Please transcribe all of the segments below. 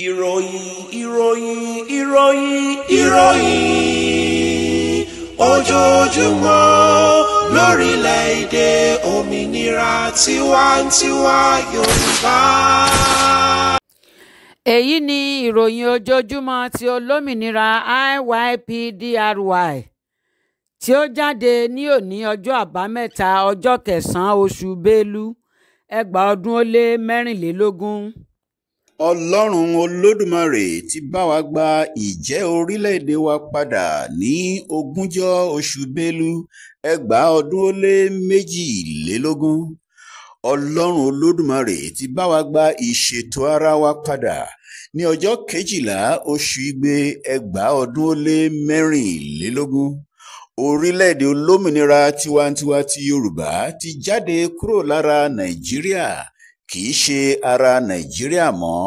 ìròyìn ìròyìn ìròyìn ìròyìn ojoojúmọ́ lórílẹ̀‐èdè òmìnira tiwantiwa yorùbá. èyí ni ìròyìn ojoojúmọ́ ti olómìnira IYPDRY tí ó jáde ní òní ọjọ́ àbámẹ́ta ọjọ́ kẹsàn-án oṣù bélú ẹgbàá ọdún ó lé mẹ́rìnlélógún ọlọ́run olódùmarè ti bá wa gba ìjẹ́ orílẹ̀-èdè wa padà ní ogúnjọ́ oṣù bélú ẹgbàá ọdún ó lé méjìlélógún ọlọ́run olódùmarè ti bá wa gba ìṣètò ara wa padà ní ọjọ́ kejìlá oṣù igbe ẹgbàá ọdún ó lé mẹ́rìnlélógún orílẹ̀-èdè olómìnira tiwantiwa ti yorùbá ti jáde kúrò lára nàìjíríà kì í ṣe ara nàìjíríà mọ́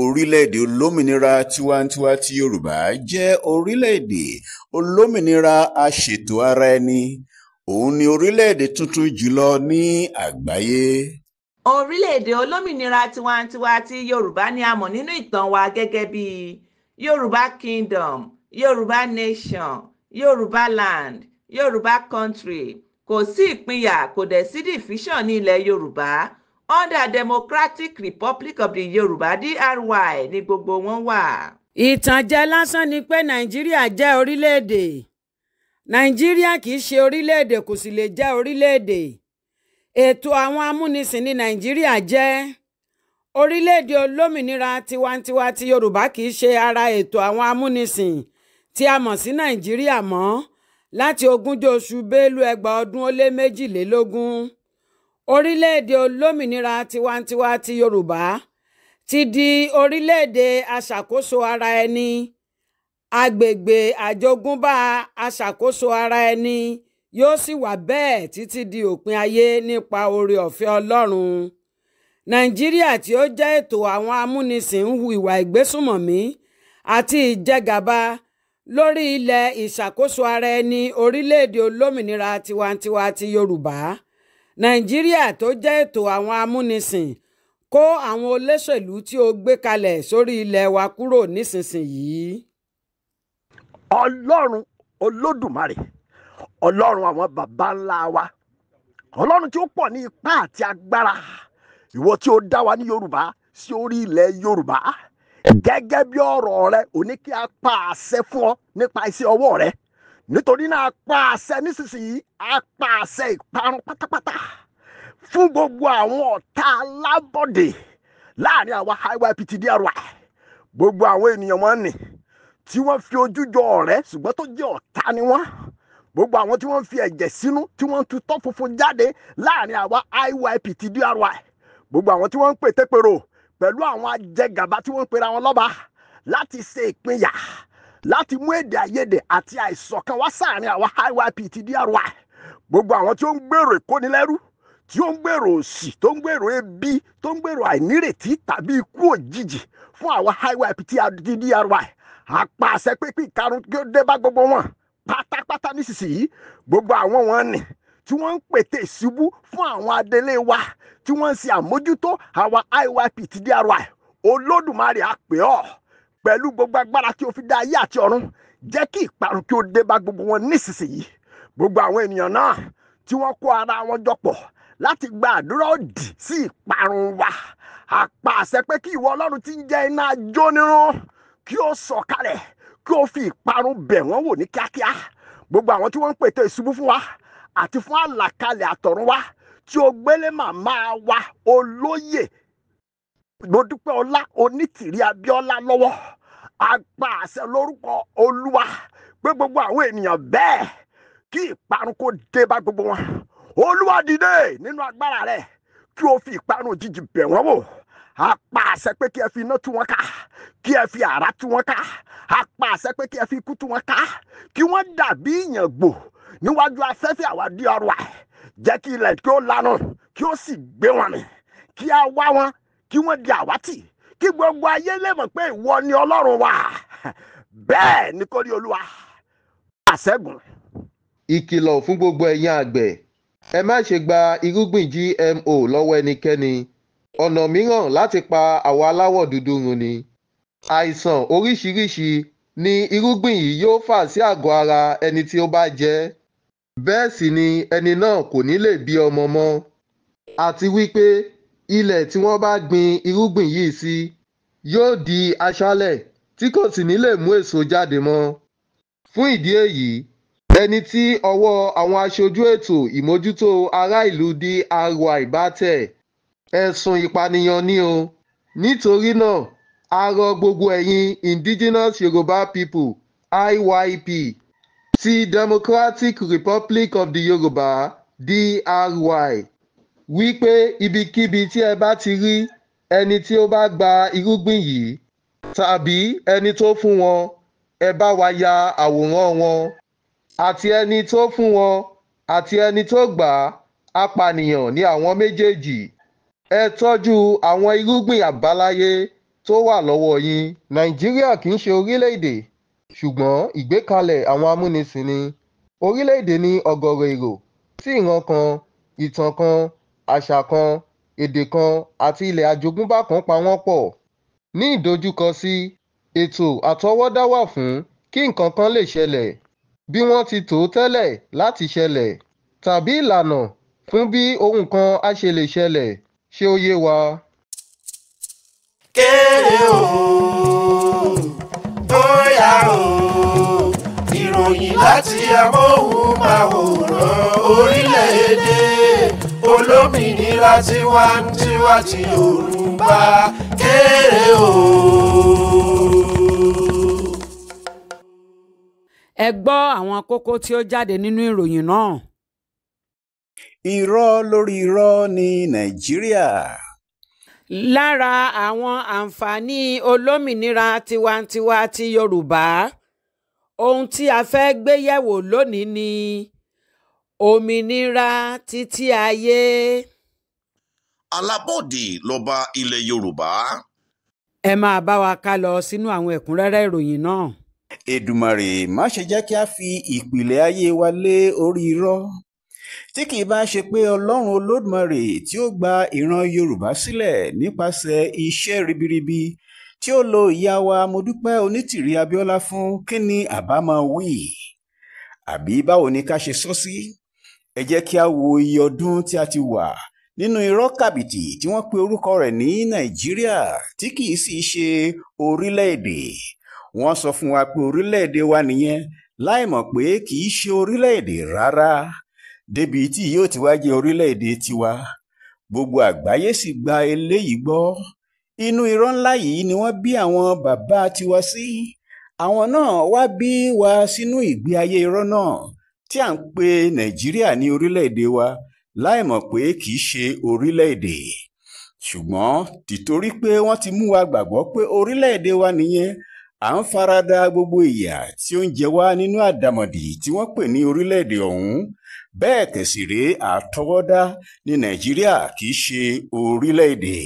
orílẹ̀-èdè olómìnira tiwantiwa ti yorùbá jẹ́ orílẹ̀-èdè olómìnira aṣètò ara ẹni òun ni orílẹ̀-èdè tuntun jùlọ ní àgbáyé. orílẹ̀-èdè olómìnira tiwantiwa ti yorùbá ni a mọ̀ nínú ìtàn wa gẹ́gẹ́ bí yorùbá kingdom yorùbá nation yorùbá land yorùbá country kò sí ìpínyà kò dẹ̀ sí dìfíṣàn ní ilẹ̀ yorùbá under Democratic Republic of the Yorùbá DRY ni gbogbo wọn wà. ìtànjẹ lásán ni pé nàìjíríà jẹ́ orílẹ̀-èdè nàìjíríà kì í ṣe orílẹ̀-èdè kò sì lè jẹ́ orílẹ̀-èdè ètò àwọn amúnisìn ní nàìjíríà jẹ́ orílẹ̀-èdè olómìnira tiwantiwa ti yorùbá kì í ṣe ara ètò àwọn amúnisìn tí a mọ̀ sí nàìjíríà mọ́ láti ogúnjọ́ oṣù bélú ẹgbàá ọdún ó lé méjìlélógún orílẹ̀-èdè olómìnira tiwantiwa ti yorùbá ti di orílẹ̀-èdè aṣàkóso ara ẹni agbègbè àjogúnbá aṣàkóso ara ẹni yóò sì wà bẹ́ẹ̀ títí di òpin ayé nípa oore ọ̀fẹ́ ọlọ́run nàìjíríà tí ó jẹ́ ètò àwọn amúnisìn ń hu ìwà ìgbésùmọ̀mí àti ìjẹgàba lórí ilẹ̀ ìṣàkóso ara ẹni orílẹ̀-èdè olómìnira tiwantiwa ti yorùbá nàìjíríà tó jẹ́ ètò àwọn amúnisìn kó àwọn olóṣèlú tí o gbé kalẹ̀ sórí ilẹ̀ wa kúrò nísinsìnyí. ọlọ́run olódùmarè ọlọ́run àwọn baba ńlá wa ọlọ́run tí ó pọ̀ ní ipá àti agbára ìwọ tí ó dá wa ní yorùbá sí orí ilẹ̀ yorùbá gẹ́gẹ́ bí ọ̀rọ̀ rẹ òní pa àṣẹ fún ọ nípa iṣẹ́ ọwọ́ rẹ nítorí náà a pa àṣẹ nísinsìnyí a pa àṣẹ ìparun pátápátá fún gbogbo àwọn ọ̀tá alábọ̀dé láàrin àwa IYPT DRY gbogbo àwọn ènìyàn wọn nì tí wọ́n fi ojú jọ ọ̀rẹ́ ṣùgbọ́n tó jẹ́ ọ̀tá ni wọ́n gbogbo àwọn tí wọ́n fi ẹ̀jẹ̀ sínú tí wọ́n tu tọ́ funfun jáde láàrin àwa IYPT DRY gbogbo àwọn tí wọ́n ń pètè pèrò pẹ̀lú àwọn ajẹgàba tí wọ́n ń pera wọn lọ́ba láti ṣe ìpínyà láti mú èdè àìyedè àti àìṣọ̀kan wá sáàrin àwọn IYP ti DRY gbogbo àwọn tí ó ń gbèrò ìkónilẹ́rú tí ó ń gbèrò òṣì tó ń gbèrò ebi tó ń gbèrò àìnírètí tàbí ikú òjijì fún àwọn IYP ti DRY apàṣẹ pé kí ìkarùn kí ó dé bá gbogbo wọn pátápátá nísinsìnyí gbogbo àwọn wọn ni tí wọ́n ń pètè ìṣubú fún àwọn adelé wa tí wọ́n ń ṣe àmójútó àwọn IYP ti DRY olódùmarè àpè ọ́ pẹ̀lú gbogbo agbára tí o fi dá ayé àti ọ̀run jẹ́ kí ìparun kí o dé bá gbogbo wọn nísinsìnyí gbogbo àwọn ènìyàn náà tí wọ́n kó ara wọn jọ láti gba àdúrà òdì sí ìparun wa àpá pé kí ìwọ ọlọ́run ti ń jẹ́ iná jónírun kí o sọ̀kalẹ̀ kí o fi ìparun bẹ̀ wọ́n wò ní kíákíá gbogbo àwọn tí wọ́n ń pètè ìṣubú fún wa àti fún àlàkalẹ̀ àtọ̀run wa tí o gbélé màmá wa olóyè mo dúpẹ́ ọlá onítìrí abíọ́lá lọ́wọ́ àgbà àṣẹ lórúkọ olúwa pé gbogbo àwọn ènìyàn bẹ́ẹ̀ kí ìparun kó dé bá gbogbo wọn olúwa dìde nínú agbára rẹ kí o fi ìparun òjijì bẹ̀ wọ́n wò apá àṣẹ pé kí ẹ fi iná tú wọn ká kí ẹ fi àrá tú wọn ká apá àṣẹ pé kí ẹ fi ikú tú wọn ká kí wọ́n dàbí ìyàngbò níwájú afẹ́fẹ́ àwádìí ọrọ̀ ẹ̀ jẹ́ kí ilẹ̀ kí ó lanu kí ó sì gbé wọn mì kí a wá wọn kí wọ́n di àwátì kí gbogbo ayé lè mọ̀ pé ìwọ ni ọlọ́run wa bẹ́ẹ̀ ni kò rí olúwa àṣẹ́gun. ìkìlọ̀ fún gbogbo ẹ̀yin àgbẹ̀ ẹ má ṣe gba irúgbìn gmo lọ́wọ́ ẹnikẹ́ni ọ̀nà mìíràn láti pa àwa aláwọ̀ dúdú run ni àìsàn oríṣiríṣi ni irúgbìn yìí yóò fà sí àgọ́ ara ẹni tí ó bá jẹ bẹ́ẹ̀ sì ni ẹni náà kò ní lè bí ọmọ mọ́ àti wípé ilẹ̀ tí wọ́n bá gbin irúgbìn yìí sí yóò di aṣálẹ̀ tí kò sì ní lè mú èso jáde mọ́. fún ìdí èyí ẹni tí ọwọ́ àwọn aṣojú ètò ìmójútó ará ìlú DRY bá tẹ̀ ẹ̀sùn ìpànìyàn ni o nítorí náà a rọ gbogbo ẹ̀yin indigenous Yorùbá people IYP ti Democratic Republic of the Yorùbá DRY wípé ibikíbi tí ẹ bá ti rí ẹni tí ó bá gba irúgbìn yìí tàbí ẹni tó fún wọn ẹ bá wa ya àwòrán wọn àti ẹni tó fún wọn àti ẹni tó gbà á apànìyàn ní àwọn méjèèjì ẹ tọ́jú àwọn irúgbìn àbáláyé tó wà lọ́wọ́ yín. nàìjíríà kì í ṣe orílẹ̀-èdè ṣùgbọ́n ìgbékalẹ̀ àwọn amúnisìn ni orílẹ̀-èdè ní ọ̀gọ̀rọ̀ èrò sí ìran kan ìtàn kan àṣà kan èdè kan àti ilẹ̀ àjogúnbá kan pa wọ́n pọ̀ ní ìdojúkọ sí ètò àtọwọ́dá wà fún kí nǹkan kan lè ṣẹlẹ̀ bí wọ́n ti tò ó tẹ́lẹ̀ láti ṣẹlẹ̀ tàbí ìlànà fún bí ohun kan á ṣe lè ṣẹlẹ̀ ṣé ó yé wa. kéde òun bóyá òun ìròyìn láti amóhùnmáwòrán orílẹ̀-èdè tiwantiwa ti Yorùbá kéré o. ẹ gbọ́ àwọn kókó tí ó jáde nínú ìròyìn náà. irọ́ lórí irọ́ ní Nàìjíríà. lára àwọn àǹfààní olómìnira tiwantiwa ti Yorùbá ohun tí a fẹ́ gbé yẹ̀wò lónìí ni òmìnira títí ayé alábọ̀dé lọ́ba ilẹ̀ yorùbá. ẹ máa bá wa ká lọ sínú àwọn ẹ̀kúnrẹ́rẹ́ ìròyìn náà. èdùmàrè má ṣe jẹ́ kí a fi ìpìlẹ̀ ayé wa lé orí irọ́ tí kì í bá ṣe pé ọlọ́run olódùmarè tí ó gba ìran yorùbá sílẹ̀ nípasẹ̀ iṣẹ́ ribiribi tí ó lo ìyá wa modúpẹ́ onítìrí abíọ́lá fún kí ni àbá máa wí àbí báwo ni ká ṣe sọ sí ẹ jẹ́ kí a wo iye ọdún tí a ti wà nínú irọ́ kàbìtì tí wọ́n pe orúkọ rẹ̀ ní nàìjíríà tí kì í sì ṣe orílẹ̀-èdè wọ́n sọ fún wa pé orílẹ̀-èdè wa nìyẹn láìmọ̀ pé kì í ṣe orílẹ̀-èdè rárá débi tí yóò ti wá jẹ́ orílẹ̀-èdè tiwa gbogbo àgbáyé sì gba eléyìí gbọ́ inú irọ́ ńlá yìí ni wọ́n bí àwọn bàbá tiwa sí àwọn náà wá bí wa sínú ìgbé ayé irọ́ náà tí à ń pe nàìjíríà ní orílẹ̀-èdè wa láì mọ̀ pé kì í ṣe orílẹ̀-èdè ṣùgbọ́n tìtorí pé wọ́n ti mú wa gbàgbọ́ pé orílẹ̀-èdè wa nìyẹn à ń farada gbogbo ìyà tí ó ń jẹ wá nínú àdàmọ̀dì tí wọ́n pè ní orílẹ̀-èdè ọ̀hún bẹ́ẹ̀ kẹ̀sìrè àtọwọ́dá ní nàìjíríà kì í ṣe orílẹ̀-èdè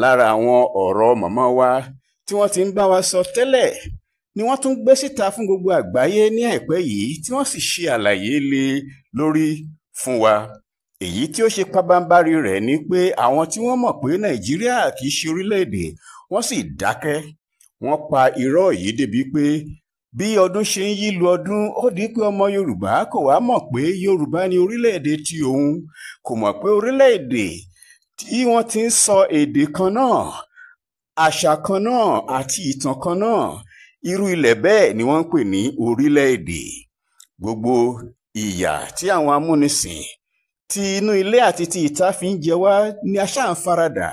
lára àwọn ọ̀rọ̀ mọ̀mọ́ wa tí wọ́n ti ń bá wa sọ tẹ́lẹ̀ ni wọ́n tún gbé síta fún gbogbo àgbáyé ní àìpẹ́ yìí tí wọ́n sì ṣe àlàyé lé lórí fún wa èyí tí ó ṣe pabambarì rẹ̀ ni pé àwọn tí wọ́n mọ̀ pé nàìjíríà kì í ṣe orílẹ̀-èdè wọ́n sì dákẹ́ wọ́n pa irọ́ yìí débi pé bí ọdún ṣe ń yí lu ọdún ó di pé ọmọ yorùbá kò wá mọ̀ pé yorùbá ni orílẹ̀-èdè ti òun kò mọ̀ pé orílẹ̀ tí wọ́n ti ń sọ èdè kan náà àṣà kan náà àti ìtàn kan náà irú ilẹ̀ bẹ́ẹ̀ ni wọ́n ń pè ní orílẹ̀-èdè gbogbo ìyà tí àwọn amúnisìn ti inú ilé àti ti ìta fi ń jẹ wá ni a ṣáà ń faradà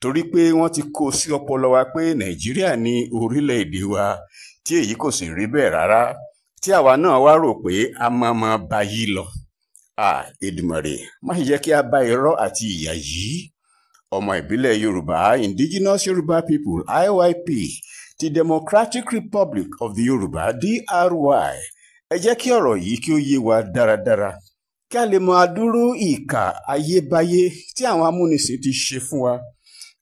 torí pé wọ́n ti kó sí ọpọlọ wa pé nàìjíríà ni orílẹ̀-èdè wa tí èyí kò sì rí bẹ́ẹ̀ rárá tí àwa náà wá rò pé a máa máa ba yìí lọ Èdùmàrè má ṣe jẹ́ kí a bá irọ́ àti ìyà yìí ọmọ ìbílẹ̀ yorùbá indigenous yorùbá people IYP ti democratic republic of the yorùbá DRY ẹ jẹ́ kí ọ̀rọ̀ yìí kí ó yé wa dáradára kí a lè mọ adúrú ìkà ayébáyé tí àwọn amúnisìn ti ṣe fún wa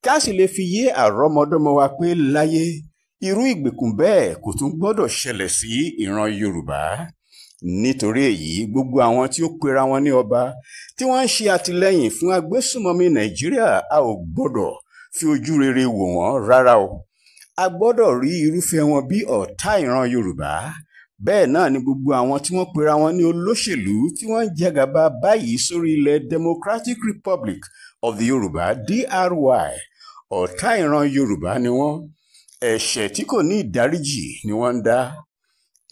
kí a sì lè fi yé àrọ́mọdọ́mọ wa pé láyé irú ìgbèkùn bẹ́ẹ̀ kò tún gbọ́dọ̀ ṣẹlẹ̀ sí ìran Yorùbá nítorí èyí gbogbo àwọn tí ó pera wọn ní ọba tí wọ́n ń ṣe àtìlẹ́yìn fún agbésùmọ̀mí Nàìjíríà a ò gbọ́dọ̀ fi ojú rere wò wọ́n rárá o a gbọ́dọ̀ rí irúfẹ́ wọn bí ọ̀tá ìran Yorùbá bẹ́ẹ̀ náà ni gbogbo àwọn tí wọ́n pera wọn ní olóṣèlú tí wọ́n ń jẹgàba báyìí sórí ilẹ̀ Democratic Republic of the Yorùbá DRY ọ̀tá ìran Yorùbá ni wọ́n ẹ̀ṣẹ̀ tí kò ní ìdáríjì ni wọ́n ń dá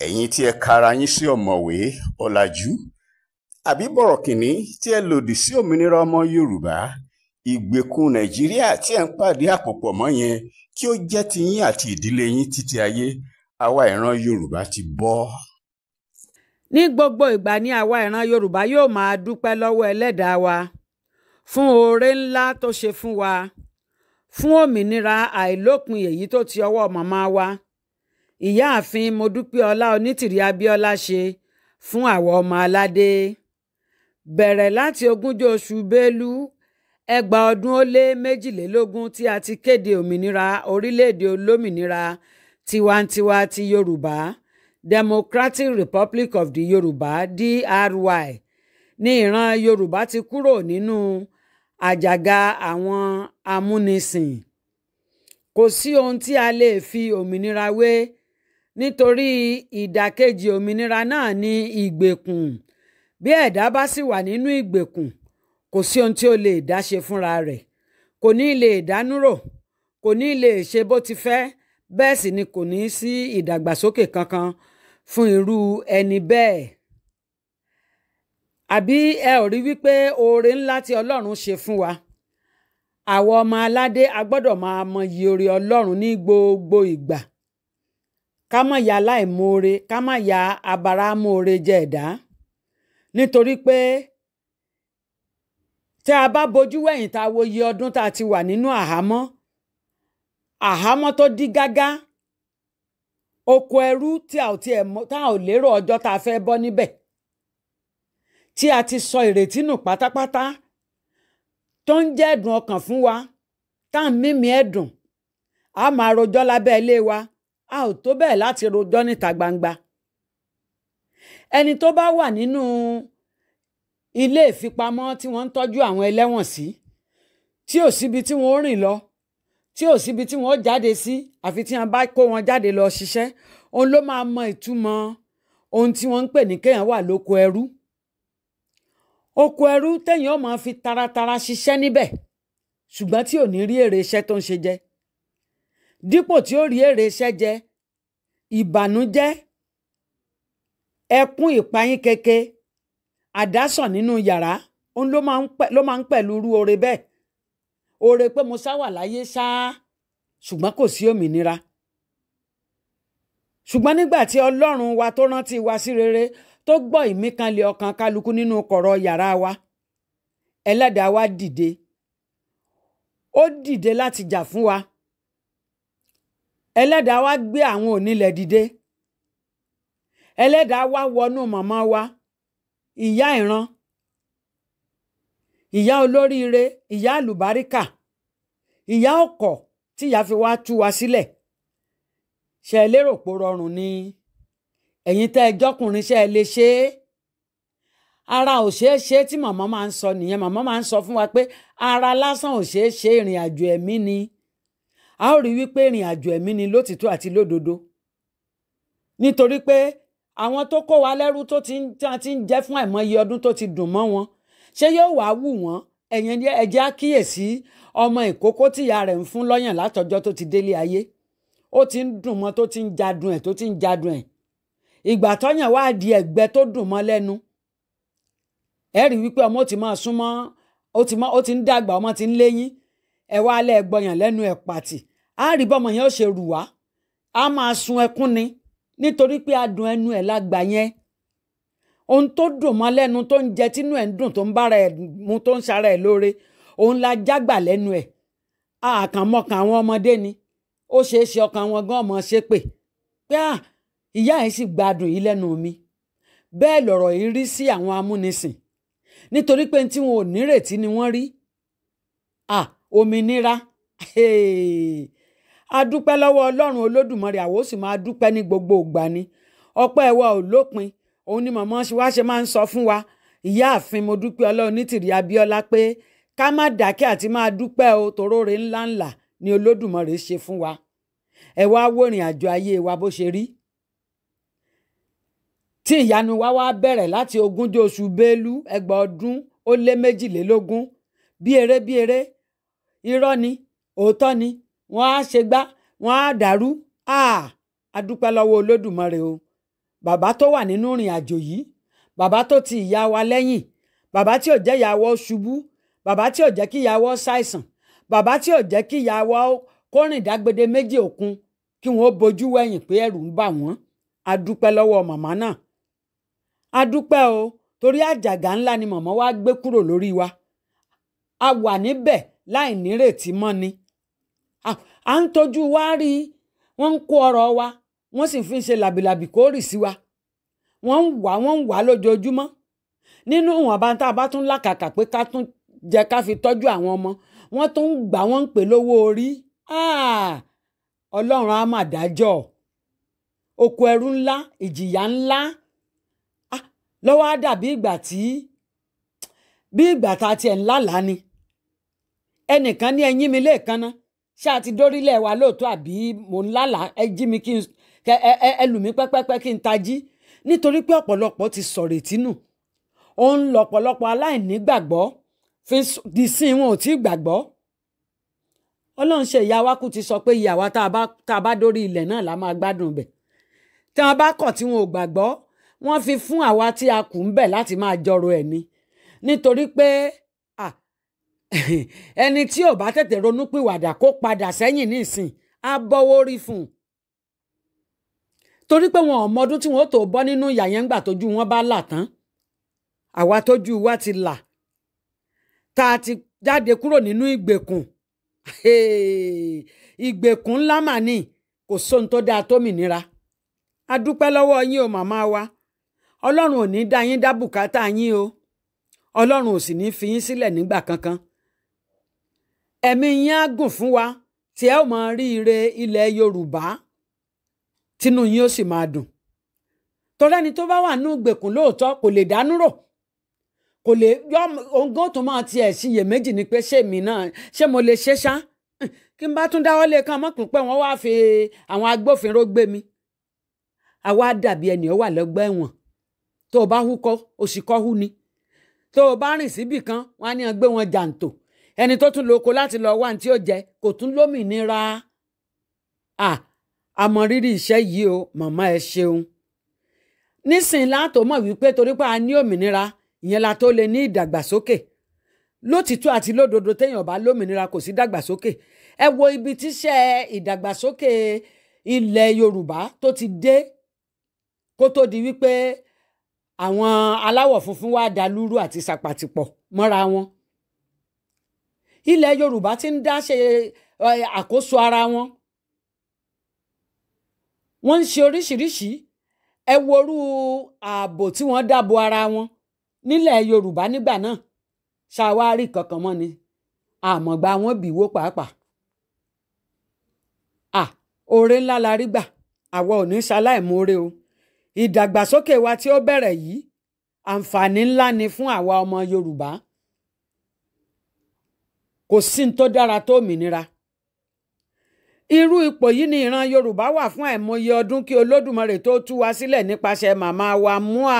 ẹ̀yin tí ẹ kara yín sí ọ̀mọ̀wé ọ̀làjú àbí bọ̀rọ̀kìnní tí ẹ lòdì sí òmìnira ọmọ Yorùbá ìgbèkùn Nàìjíríà tí ẹ ń pàdé àpòpọ̀ mọ́ yẹn kí ó jẹ́ tiyín àti ìdílé yín títí ayé àwa ìran Yorùbá ti bọ́. ní gbogbo ìgbà ni àwa ìran Yorùbá yóò máa dúpẹ́ lọ́wọ́ ẹlẹ́dàá wa fún oore ńlá tó ṣe fún wa fún òmìnira àìlópin èyí tó ti ọwọ́ màmá wa ìyáàfin Modúpẹ́ọlá Onítìrí Abíọ́lá ṣe fún àwọn ọmọ aládé bẹ̀rẹ̀ láti ogúnjọ́ oṣù Bélú ẹgbàá ọdún ó lé méjìlélógún tí a ti kéde òmìnira orílẹ̀-èdè olómìnira tiwantiwa ti yorùbá democratic republic of the yorùbá dry ní ìran yorùbá ti kúrò nínú àjàgà àwọn amúnisìn kò sí ohun tí a lè fi òmìnira wé nítorí ìdàkejì òmìnira náà ní ìgbèkùn bí ẹ̀dá bá sì wà nínú ìgbèkùn kò sí ohun tí ó lè dá ṣe fúnra rẹ̀ kò ní lè dánúrò kò ní lè ṣe bó ti fẹ́ bẹ́ẹ̀ sì ni kò ní í sí ìdàgbàsókè kankan fún irú ẹni bẹ́ẹ̀ àbí ẹ ò rí wípé oore ńlá tí ọlọ́run ṣe fún wa àwọn ọmọ aládé a gbọ́dọ̀ máa mọyì oore ọlọ́run ní gbogbo ìgbà ká má ya aláìmoore ká má ya abaramoore jẹ ẹ̀dá nítorí pé tí a bá bojú wẹ̀yìn tá wo iye ọdún tá a ti wà nínú àhámọ́ àhámọ́ tó dí gágá oko ẹrú tí a ò tiẹ̀ mọ̀ tá a ò lérò ọjọ́ tá a fẹ́ bọ́ níbẹ̀ tí a ti sọ ìrètí nù pátápátá tó ń jẹ́ ẹ̀dùn ọkàn fún wa tá à ń mímí ẹ̀dùn a máa rojọ́ lábẹ́ ilé wa a ò tó bẹ́ẹ̀ láti rojọ́ níta gbangba ẹni tó bá wà nínú ilé ìfipamọ́ tí wọ́n ń tọ́jú àwọn ẹlẹ́wọ̀n sí tí ò síbi tí wọ́n ó rìn lọ tí ò síbi tí wọ́n jáde sí àfi tí wọ́n bá kó wọn jáde lọ ṣiṣẹ́ òun ló máa mọ ìtumọ̀ ohun tí wọ́n ń pè ní kéèyàn wà lóko ẹrú oko ẹrú téèyàn máa fi taratara ṣiṣẹ́ níbẹ̀ ṣùgbọ́n tí ò ní rí èrè iṣẹ́ tó ń ṣe jẹ dípò tí ó rí èrè iṣẹ́ jẹ ìbànújẹ́ ẹkún ìpayín keke àdásàn nínú yàrá òun ló máa ń pẹ̀lú irú oore bẹ́ẹ̀ oore pé mo sá wà láyé sá ṣùgbọ́n kò sí òmìnira ṣùgbọ́n nígbà tí ọlọ́run wa tó rántí wa sí rere tó gbọ́ ìmíkanlẹ̀ ọkàn kálukú nínú kọ̀rọ̀ yàrá wa ẹlẹ́dàá wa dìde ó dìde láti jà fún wa ẹlẹ́dàá wa gbé àwọn onílẹ̀ dìde ẹlẹ́dàá wa wọnú màmá wa ìyá ìran ìyá olóríire ìyá àlùbáríkà ìyá ọkọ tíyà fi wá tú wa sílẹ̀ ṣe é lérò pó rọrùn ni ẹ̀yin tẹ́ ẹ jọ́kùnrin ṣe é lè ṣe é ara ò ṣeé ṣe tí màmá máa ń sọ nìyẹn màmá máa ń sọ fún wa pé ara lásán ò ṣeé ṣe ìrìn àjò ẹ̀mí ni a ó rí wípé ìrìn àjò ẹ̀mí ni lótìtọ́ àti lódodo nítorí pé àwọn tó kó wa lẹ́rú tó ti ń jẹ́ fún àìmọye ọdún tó ti dùn mọ́ wọn ṣé yóò wá wù wọ́n ẹ̀yin ẹ̀jẹ̀ àkíyèsí ọmọ ìkókó tíyà rẹ̀ ń fún lọ́yàn látọjọ́ tó ti délé ayé ó ti ń dùn mọ́ tó ti ń jadùn ẹ̀ tó ti ń jadùn ẹ̀ ìgbà tọ́yàn wá di ẹ̀gbẹ́ tó dùn mọ́ lẹ́nu ẹ rí wípé ọmọ ó ti máa súnmọ́ ó ti ó ti ń dàgbà ọmọ ti ń léyín ẹ wá alẹ́ ẹgbọyàn lẹ́nu ẹ̀ pàtì á rí bọ́mọ yẹn ó ṣe rù wá á máa sun ẹkún ni nítorí pé adùn ẹnu ẹ̀ lágbà yẹn ohun tó dùn mọ́ lẹ́nu tó ń jẹ tínú ẹ̀ ń dùn tó ń bára ẹ̀ mu tó ń sara ẹ̀ lóore òun la jágbà lẹ́nu ẹ̀ àkànmọ́kàn àwọn ọmọdé ni ó ṣeé ṣe ọkàn wọn gan ọmọ ṣe pé pé à ah, ìyá ẹ̀ sì gbádùn yìí lẹ́nu mi bẹ́ẹ̀ lọ̀rọ̀ yìí rí sí àwọn amúnisìn nítorí pé tí wọn ò nírètí ni wọ́n rí à òmìnira a dúpẹ́ lọ́wọ́ ọlọ́run olódùmarè àwa ó sì máa dúpẹ́ ní gbogbo ìgbà ni ọpẹ́ wa ò lópin òun ni màmá wa ṣe máa ń sọ fún wa ìyáàfin mo dúpẹ́ ọlọ́run nítìrí abíọ́lá pé ká má dákẹ́ àti máa dúpẹ́ o tòróore ńláńlá ni olódùmarè ṣe fún wa ẹ wá wo ìrìn àjò ayé wa bó ṣe rí tí ìyanu wa wá bẹ̀rẹ̀ láti ogúnjọ́ oṣù bélú ẹgbàá ọdún ó lé méjìlélógún bí eré bí eré irọ́ ni òótọ́ ni wọ́n á ṣe gbá wọ́n á dàrú a adúpẹ́ lọ́wọ́ olódùmarè o bàbá tó wà nínú ìrìn àjò yìí bàbá tó ti ìyá wa lẹ́yìn bàbá tí ò jẹ́ ìyàwó ṣubú bàbá tí ò jẹ́ kí ìyàwó ṣàìsàn bàbá tí ò jẹ́ kí ìyàwó kórìn dágbede méjì òkun kí wọ́n bojú wẹ̀yìn pé ẹ̀rù ń bà wọ́n a dúpẹ́ lọ́wọ́ màmá náà a dúpẹ́ o torí àjàgà ńlá ni màmá wa gbé kúrò lórí wa a wà níbẹ̀ láì nírètí mọ́ à ń tọ́jú wa rí wọ́n ń kó ọ̀rọ̀ wa wọ́n sì fi ń ṣe làbìlàbì kó sí wa wọ́n ń wà wọ́n ń wà lójoojúmọ́ nínú ìwọ̀n bá ń tá a bá tún làkàkà pé ká tún jẹ ká fi tọ́jú àwọn ọmọ wọ́n tún ń gbà wọ́n ń pè lówó orí ọlọ́run á mà dájọ́ oko ẹrú ńlá ìjìyà ńlá lọ́wọ́ á dàbí ìgbà tí bí ìgbà tá a tiẹ̀ ńlá là ni ẹnìkan ní ẹyín mi lẹ́ẹ̀kan náà ṣáà ti dórílẹ̀ wa lóòótọ́ àbí mò ń lálàá ẹ jí mi kí n ẹ ẹ ẹ lù mí pẹ́pẹ́pẹ́ kí n tají nítorí pé ọ̀pọ̀lọpọ̀ ti sọ̀rọ̀ ìtínú òun lọ̀pọ̀lọpọ̀ aláìnígbàgbọ́ fi di sí wọn ò tí gbàgbọ́ ọlọ́run ṣe ìyá wa kú ti sọ pé ìyá wa tá a bá dórí ilẹ̀ náà la máa gbádùn bẹ̀ tí wọn bá kọ̀ tí wọn ò gbàgbọ́ wọ́n fi fún àwa tí a kù ń bẹ̀ láti máa jọrọ ẹ̀ ni nítorí pé ẹni tí ò bá tètè ronúpìwàdà kó padà sẹ́yìn nísìn á bọ́wọ́ rí fún un torí pé wọn ò mọdún tí wọn ó tó bọ́ nínú ìyà yẹn ńgbà tójú wọn bá là tán àwa tójú wa ti là tá a ti jáde kúrò nínú ìgbèkùn ìgbèkùn ńlá mà ní kò sóhun tó dáa tó mìnira a dúpẹ́ lọ́wọ́ yín o màmá wa ọlọ́run ò ní dá yín dá bùkátà yín o ọlọ́run ò sì ní fi yín sílẹ̀ nígbà kankan ẹ̀mí yín á gùn fún wa tí ẹ ò mọ rí ire ilẹ̀ yorùbá tínú yín ó sì máa dùn torí ẹni tó bá wà nínú ìgbèkùn lóòótọ́ kò lè dánú rò kò lè yọ ogún tó máa tiẹ̀ ṣiyèméjì ni pé ṣé mi náà ṣé mo lè ṣe ṣá kí n bá tún dáwọ́lé kan mọ́kùn pé wọ́n wáá fi àwọn agbófinró gbé mi àwa dàbí ẹni ó wà lọ́gbà ẹ̀wọ̀n tó o bá húkọ́ òṣìkọ́ hú ni tó o bá rìn síbì kan wọn á ní gbé wọn jàǹtò ẹni tó tún lóko láti lọ wá ní tí ó jẹ kò tún lómìnira a mọ rírì iṣẹ́ yìí o màmá ẹ ṣeun nísìnyí látò mọ̀ wípé torí pé a ní òmìnira ìyẹn la tó lè ní ìdàgbàsókè lótìtọ́ àti lódodo téèyàn bá lómìnira kò sí dàgbàsókè ẹ wo ibi tíṣẹ́ ìdàgbàsókè ilẹ̀ Yorùbá tó ti dé kó tó di wípé àwọn aláwọ̀ funfun wá da lúrú àti sàpàtìpọ̀ mọ́ra wọn ilẹ̀ Yorùbá ti ń dá ṣe àkóso ara wọn wọ́n ń ṣe oríṣiríṣi ẹ worú ààbò tí wọ́n dáàbò ara wọn nílẹ̀ yorùbá nígbà náà ṣàwárí kankan mọ́ ni àmọ̀gbà wọn bìwó pàápàá à oore ńlá la rí gbà àwa ò ní ṣaláìmoore o ìdàgbàsókè wa tí ó bẹ̀rẹ̀ yìí àǹfààní ńlá ni fún àwa ọmọ yorùbá kò sí ní tó dára tó òmìnira irú ipò yìí ni ìran yorùbá wà fún àìmọye ọdún kí olódùmarè tó tú wa sílẹ̀ nípasẹ̀ màmá wa mua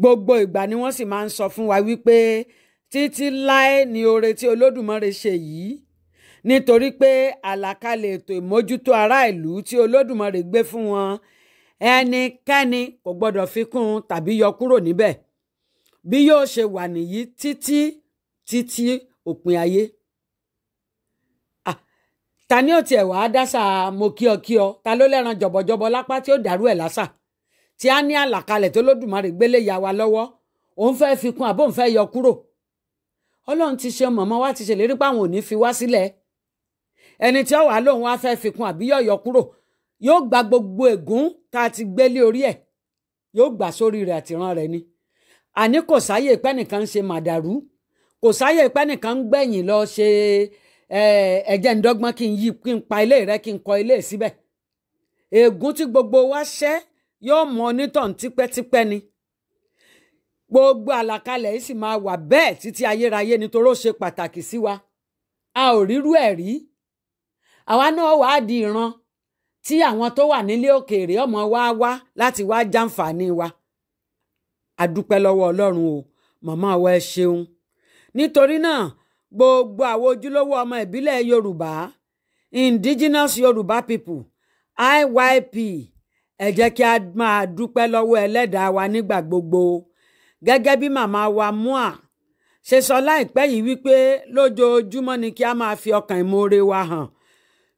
gbogbo ìgbà ni wọ́n sì máa ń sọ fún wa wípé títí láé ni oore tí olódùmarè ṣe yìí nítorí pé àlàkalẹ̀ ètò ìmójútó ará ìlú tí olódùmarè gbé fún wọn ẹnikẹ́ni kò gbọ́dọ̀ fi kún tàbí yọ kúrò níbẹ̀ bí yóò ṣe wà nìyí títí títí òpin ayé ta ni ó tiẹ̀ wàá dáṣà mo kí ọ kí ọ ta ló lẹ́ran jọ̀bọ̀jọ̀bọ̀ lápá tí ó dàrú ẹ̀ lásà tí a ní àlàkalẹ̀ tó lódùmarè gbélé ya wa lọ́wọ́ òun fẹ́ fi kún àbóun fẹ́ yọ kúrò ọlọ́run ti ṣe mọ̀mọ́ wa ti ṣèlérí pé àwọn ò ní fi wá sílẹ̀ ẹni tí ó wà lóun wá fẹ́ fi kún àbí yọ̀yọ̀ kúrò yóò gba gbogbo ègún tá a ti gbélé orí ẹ̀ yóò gbà sórí rẹ̀ àtìrán rẹ̀ ni àní kò sáyè pẹ́nìkan ń ṣe màdàrú kò sáyè pẹ́nìkan ń gbẹ̀yìn lọ ṣe Eh, ẹ̀jẹ̀ ń dọ́gbọ́n kí n yí kí n pa ilé rẹ kí n kọ ilé síbẹ̀ ègún tí gbogbo wa ṣẹ́ yóò mọ onítàn tipẹ́tipẹ́ ni gbogbo àlàkalẹ̀ yìí sì máa wà bẹ́ẹ̀ títí ayérayé nítorí ó ṣe pàtàkì sí wa a ò rírú ẹ̀ rí àwa náà wàá di ìran tí àwọn tó wà nílé òkèèrè ọmọ wa wá láti wá jàǹfààní wa a dúpẹ́ lọ́wọ́ ọlọ́run o màmá wa ẹ ṣeun nítorí náà gbogbo àwọn ojúlówó ọmọ ìbílẹ̀ yorùbá indigenous yorùbá people IYP ẹ jẹ́ kí a máa dúpẹ́ lọ́wọ́ ẹlẹ́dàá wa nígbà gbogbo gẹ́gẹ́ bí màmá wa mua ṣe sọ láìpẹ́ yìí wípé lójoojúmọ́ ni kí a máa fi ọkàn ìmoore wa hàn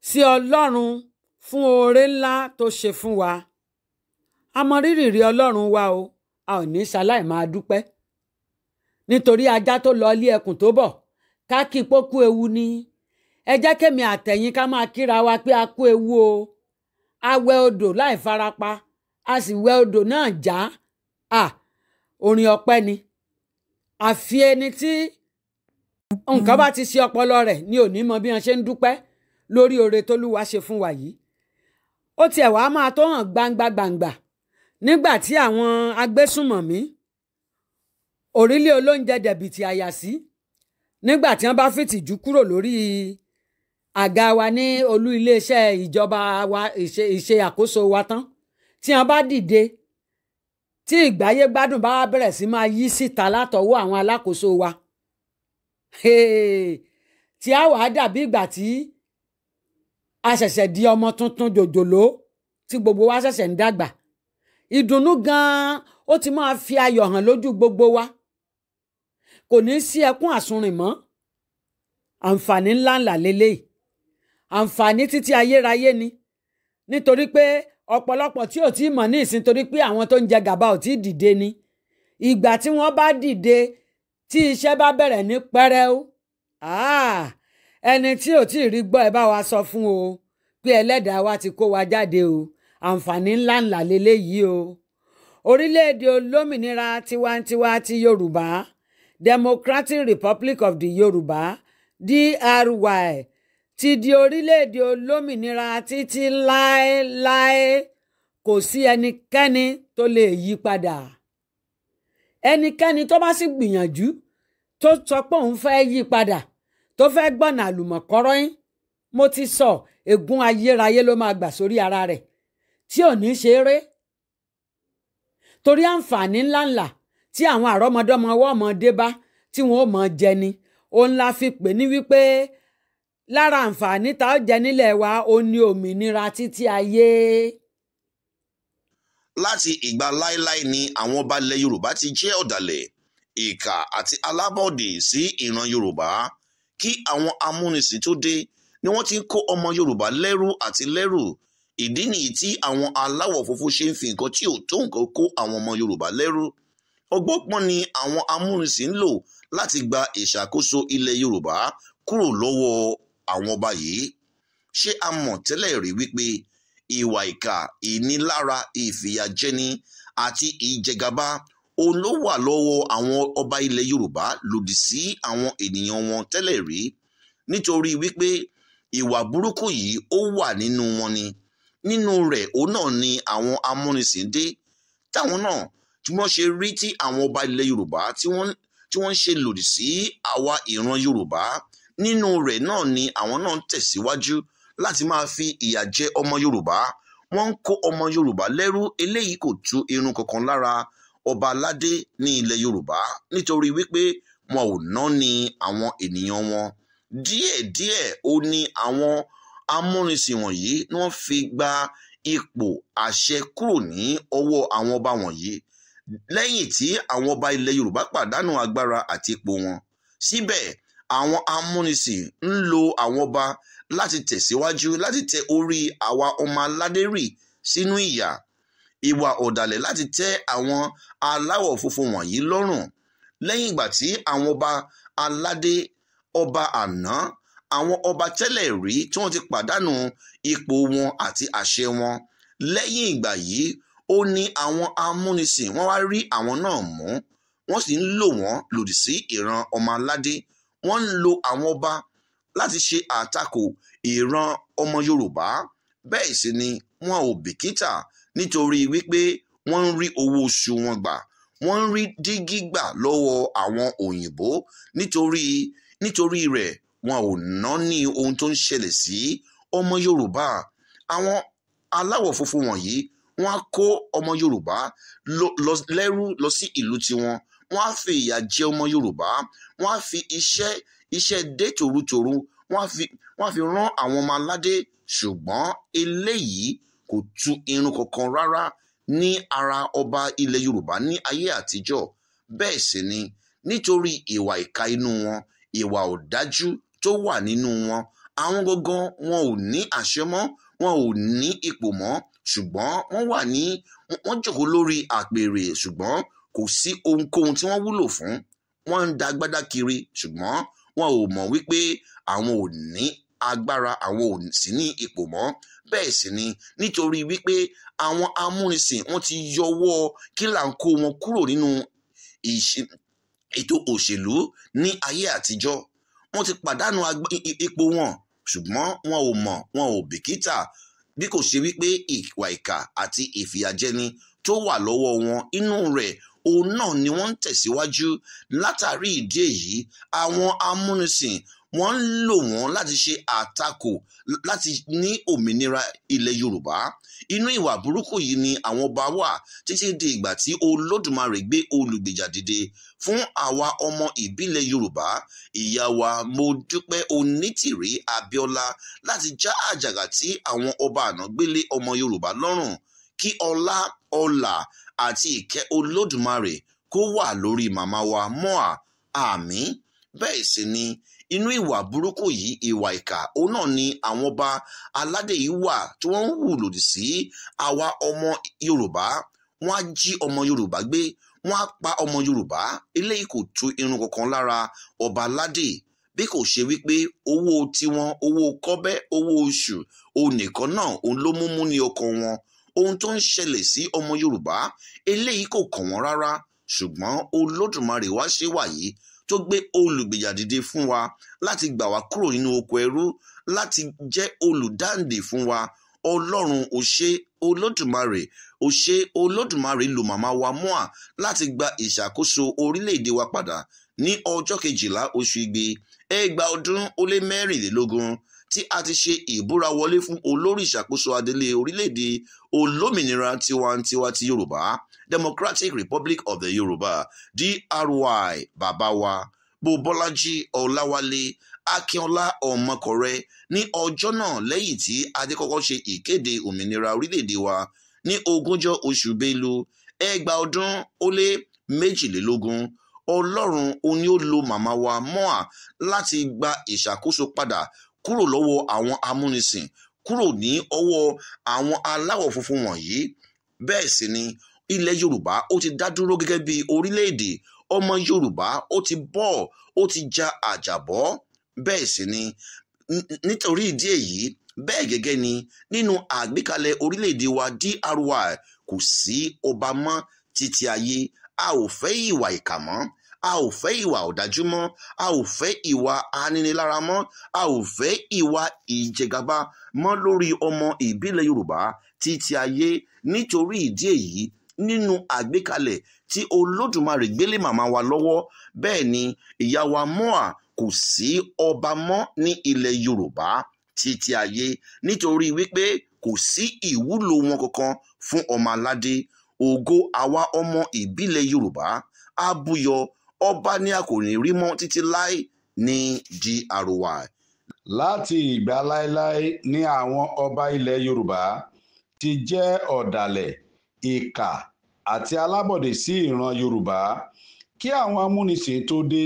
sí ọlọ́run fún oore ńlá tó ṣe fún wa a mọ rírì rí ọlọ́run wa o a ò ní ṣaláì máa dúpẹ́ nítorí ajá tó lọ ilé ẹkùn tó bọ̀ ká kí pó kú ewu ni ẹ jẹ́ kémi àtẹ̀yìn ká máa kíra wa pé a kú ewu o a wẹ odò láì farapa a sì wẹ odò náà já à orin ọpẹ́ ni àfi ẹni tí nǹkan bá ti ṣe ọpọlọ rẹ̀ ni ò ní mọ bí wọn ṣe ń dúpẹ́ lórí oore tólúwa ṣe fún wa yìí ó tiẹ̀ wàá máa tó hàn gbangba gbangba nígbà tí àwọn agbésùnmọ̀mí òrílé olóúnjẹ dẹ̀bìtì àyàsí nígbà tí wọ́n bá fìtìjú kúrò lórí àga wa ní olú iléeṣẹ́ ìjọba wa ìṣe àkóso wa tán tí wọ́n bá dìde tí ìgbáyé gbádùn bá wá bẹ̀rẹ̀ sí máa yí síta látọwọ́ àwọn alákòóso wa tí a wàá dàbí ìgbà tí a ṣẹ̀ṣẹ̀ di ọmọ tuntun jòjòló tí gbogbo wa ṣẹ̀ṣẹ̀ ń dàgbà ìdùnnú gan-an ó ti máa fi ayọ̀ hàn lójú gbogbo wa kò ní sí ẹkún àsunrìn mọ́ àǹfààní ńláńlá lélẹ́yìí àǹfààní títí ayérayé ni nítorí pé ọ̀pọ̀lọpọ̀ tí ò tí mọ̀ ní ìsìn torí pé àwọn tó ń jẹ gàba ò tí dìde ni ìgbà tí wọ́n bá dìde tí iṣẹ́ bá bẹ̀rẹ̀ ní pẹ́rẹ́ú ẹni tí ò tí ì rí gbọ́ ẹ bá wa sọ fún o pé ẹlẹ́dàá wa ti kó wa jáde o àǹfààní ńláńlá lélẹ́yìí o orílẹ̀-èdè olómìnira tiwantiwa ti Yorùbá democratic republic of the yorùbá dry ti di orílẹ̀-èdè olómìnira títí láéláé kò sí ẹnikẹ́ni tó lè yí padà ẹnikẹ́ni tó bá sì gbìyànjú tó sọ pé òun fẹ́ yí padà tó fẹ́ gbọ̀nà àlùmọ̀kọ́rọ́ yín mo ti sọ ègún ayérayé ló máa gbà sórí ara rẹ̀ tí ò ní ṣeré torí àǹfààní ńláńlá tí àwọn àrọ́mọdọ́mọ ọwọ́ ọmọ dé bá tí wọn ó mọ jẹ ni òun la fi pè ní wípé lára àǹfààní tá ó jẹ nílẹ̀ wa ó ní òmìnira títí ayé. láti ìgbà láéláé ni àwọn ọba ilẹ̀ yorùbá ti jẹ́ ọ̀dàlẹ̀ ìkà àti alábọ̀dé sí ìran yorùbá kí àwọn amúnisìn tó dé ni wọ́n ti ń kó ọmọ yorùbá lẹ́rú àti lẹ́rú ìdí nìyí tí àwọn aláwọ̀ funfun ṣe ń fi nǹkan tí ò tó nǹkan kó àwọn ọmọ yorùbá lẹ́rú ọgbọ́gbọ́n ni àwọn amúnisìn ń lò láti gba ìṣàkóso ilẹ̀ Yorùbá kúrò lọ́wọ́ àwọn ọba yìí ṣé a mọ̀ tẹ́lẹ̀ rí wípé ìwà ìkà ìnilára ìfìyàjẹni àti ìjẹgàba òun ló wà lọ́wọ́ àwọn ọba ilẹ̀ Yorùbá lòdì sí àwọn ènìyàn wọn tẹ́lẹ̀ rí nítorí wípé ìwà burúkú yìí ó wà nínú wọn ni nínú rẹ̀ òun náà ni àwọn amúnisìn dé táwọn náà tí wọ́n ṣe rí tí àwọn ọba ilẹ̀ Yorùbá tí wọ́n ń ṣe lòdì sí àwa ìran Yorùbá nínú rẹ̀ náà ni àwọn náà ń tẹ̀síwájú láti máa fi ìyà jẹ ọmọ Yorùbá wọ́n ń kó ọmọ Yorùbá lẹ́rú eléyìí kò tú irun kankan lára ọba aládé ní ilẹ̀ Yorùbá nítorí wípé wọn ò ná ni àwọn ènìyàn wọn díẹ̀díẹ̀ ó ní àwọn amúnisìn wọ̀nyí ni wọ́n fi gba ipò àṣẹ kúrò ní ọwọ́ àwọn ọba wọ̀nyí lẹ́yìn tí àwọn ọba ilẹ̀ Yorùbá pàdánù agbára àti ipò wọn síbẹ̀ àwọn amúnisìn ń lo àwọn ọba láti tẹ̀síwájú láti tẹ orí àwa ọmọ aládé rì sínú ìyà ìwà ọ̀dàlẹ̀ láti tẹ àwọn aláwọ̀ funfun wọ̀nyí lọ́rùn lẹ́yìn ìgbà tí àwọn ọba aládé ọba àná àwọn ọba tẹ́lẹ̀ rí tí wọ́n ti pàdánù ipò wọn àti àṣẹ wọn lẹ́yìn ìgbà yìí ó ní àwọn amúnisìn wọ́n wá rí àwọn náà mú wọ́n sì ń lò wọ́n lòdì sí ìran ọmọ aládé wọ́n ń lo àwọn ọba láti ṣe àtakò ìran ọmọ yorùbá bẹ́ẹ̀ sì ni wọn ò bìkítà nítorí wípé wọ́n ń rí owó oṣù wọn gbà wọ́n ń rí dígí gbà lọ́wọ́ àwọn òyìnbó nítorí nítorí rẹ̀ wọn ò náni ohun tó ń ṣẹlẹ̀ sí ọmọ yorùbá àwọn aláwọ̀ funfun wọ̀nyí wọ́n á kó ọmọ yorùbá lẹ́rú lọ sí ìlú tiwọn wọ́n á fi ìyà jẹ ọmọ yorùbá wọ́n á fi iṣẹ́ iṣẹ́ dé tòrutòru wọ́n á fi wọ́n rán àwọn ọmọ aládé ṣùgbọ́n eléyìí kò tu irun kankan rárá ní ara ọba ilẹ̀ yorùbá ní ayé àtijọ́ bẹ́ẹ̀ sì ni nítorí ìwà ìka inú wọn ìwà ọ̀dájú tó wà nínú wọn àwọn gangan wọn ò ní àṣẹ mọ́ wọn ò ní ipò mọ́ ṣùgbọ́n wọ́n wà ní wọ́n jókòó lórí àpèrè ṣùgbọ́n kò sí ohunkóhun tí wọ́n wúlò fún wọ́n ń da agbádá kiri ṣùgbọ́n wọn ò mọ̀ wípé àwọn ò ní agbára àwọn ò sí ní ipò mọ́ bẹ́ẹ̀ sì ni nítorí wípé àwọn amúnisìn wọ́n ti yọwọ́ kí là ń kó wọn kúrò nínú ètò òṣèlú ní ayé àtijọ́ wọ́n ti pàdánù ipò wọn ṣùgbọ́n wọn ò mọ̀ wọn ò bìkítà bí kò ṣe wípé ìwà ìkà àti ìfìyàjẹni tó wà lọ́wọ́ wọn inú rẹ̀ òun náà ni wọ́n ń tẹ̀síwájú látàrí ìdí èyí àwọn amúnisìn wọ́n ń lò wọ́n láti ṣe àtakò láti ní òmìnira ilẹ̀ Yorùbá inú ìwà burúkú yìí ni àwọn ọba wà títí di ìgbà tí Olódùmarè gbé olùgbèjà dìde fún àwa ọmọ ìbílẹ̀ Yorùbá ìyá wa mo dúpẹ́ Onítìrí Abíọ́lá láti já àjàgà tí àwọn ọba àná gbélé ọmọ Yorùbá lọ́rùn kí ọlá ọlà àti ìkẹ́ Olódùmarè kó wà lórí màmá wa mọ́à àmín bẹ́ẹ̀ sì ni inú ìwà burúkú yìí ìwà ìkà òun náà ni àwọn ọba aládé yìí wà tí wọ́n ń hù lòdì sí àwa ọmọ Yorùbá wọ́n á jí ọmọ Yorùbá gbé wọ́n á pa ọmọ Yorùbá eléyìí kò tu irun kankan lára ọba aládé bí kò ṣe wípé owó tiwọn owó kọ́bẹ́ owó oṣù òun nìkan náà òun ló mú mú ní ọkàn wọn ohun tó ń ṣẹlẹ̀ sí ọmọ Yorùbá eléyìí kò kàn wọ́n rárá ṣùgbọ́n Olódùmarè wá ṣe wàyí tó gbé olùgbèjà dìde fún wa láti gbà wá kúrò nínú oko ẹrú láti jẹ́ olùdáǹdè fún wa ọlọ́run ó ṣé olódùmarè ó ṣé olódùmarè lò màmá wa mọ́à láti gba ìṣàkóso orílẹ̀-èdè wa padà ní ọjọ́ kejìlá oṣù igbe ẹgbàá ọdún ó lé mẹ́rìnlélógún tí a ti ṣe ìbúra wọlé fún olórí ìṣàkóso adelé orílẹ̀-èdè olómìnira tiwantiwa ti yorùbá Democratic Republic of the Yoruba DRY Babawa Bobolaji Ọláwálé Akínọlá Ọmọkọrẹ ní ọjọ́ náà lẹ́yìn tí Adékọ́kọ́ ṣe ìkéde òmìnira orílẹ̀-èdè wa ní ogúnjọ́ oṣù Bélú ẹgbàá ọdún ó lé méjìlélógún Ọlọ́run oní ó lo màmá wa mọ́à láti gba ìṣàkóso padà kúrò lọ́wọ́ àwọn amúnisìn kúrò ní ọwọ́ àwọn aláwọ̀ funfun wọ̀nyí bẹ́ẹ̀ sì ni ilẹ̀ yorùbá ó ti dá dúró gẹ́gẹ́ bí orílẹ̀-èdè ọmọ yorùbá ó ti bọ́ ó ti ja àjàbọ́ bẹ́ẹ̀ sì ni nítorí ìdí èyí bẹ́ẹ̀ gẹ́gẹ́ ni nínú àgbékalẹ̀ orílẹ̀-èdè wa DRY kò sí ọba mọ́ títí ayé a ò fẹ́ ìwà ìkà mọ́ a ò fẹ́ ìwà ọ̀dájú mọ́ a ò fẹ́ ìwà aninilára mọ́ a ò fẹ́ ìwà ìjẹgàba mọ́ lórí ọmọ ìbílẹ̀ yorùbá títí ayé nítorí ìdí èyí nínú àgbékalẹ̀ tí olódùmarè gbélé màmá wa lọ́wọ́ bẹ́ẹ̀ ni ìyá wa Moha kò sí ọba mọ́ ní ilẹ̀ Yorùbá títí ayé nítorí wípé kò sí ìwúlò wọn kankan fún ọmọ aládé ògo àwa ọmọ ìbílẹ̀ Yorùbá á búyọ ọba ni a kò ní rí mọ́ títí láì ní GRY. láti ìgbà láéláé ni àwọn ọba ilẹ̀ Yorùbá ti jẹ́ ọ̀dàlẹ̀ ìkà àti alábọ̀dé sí ìran yorùbá kí àwọn amúnisìn tó dé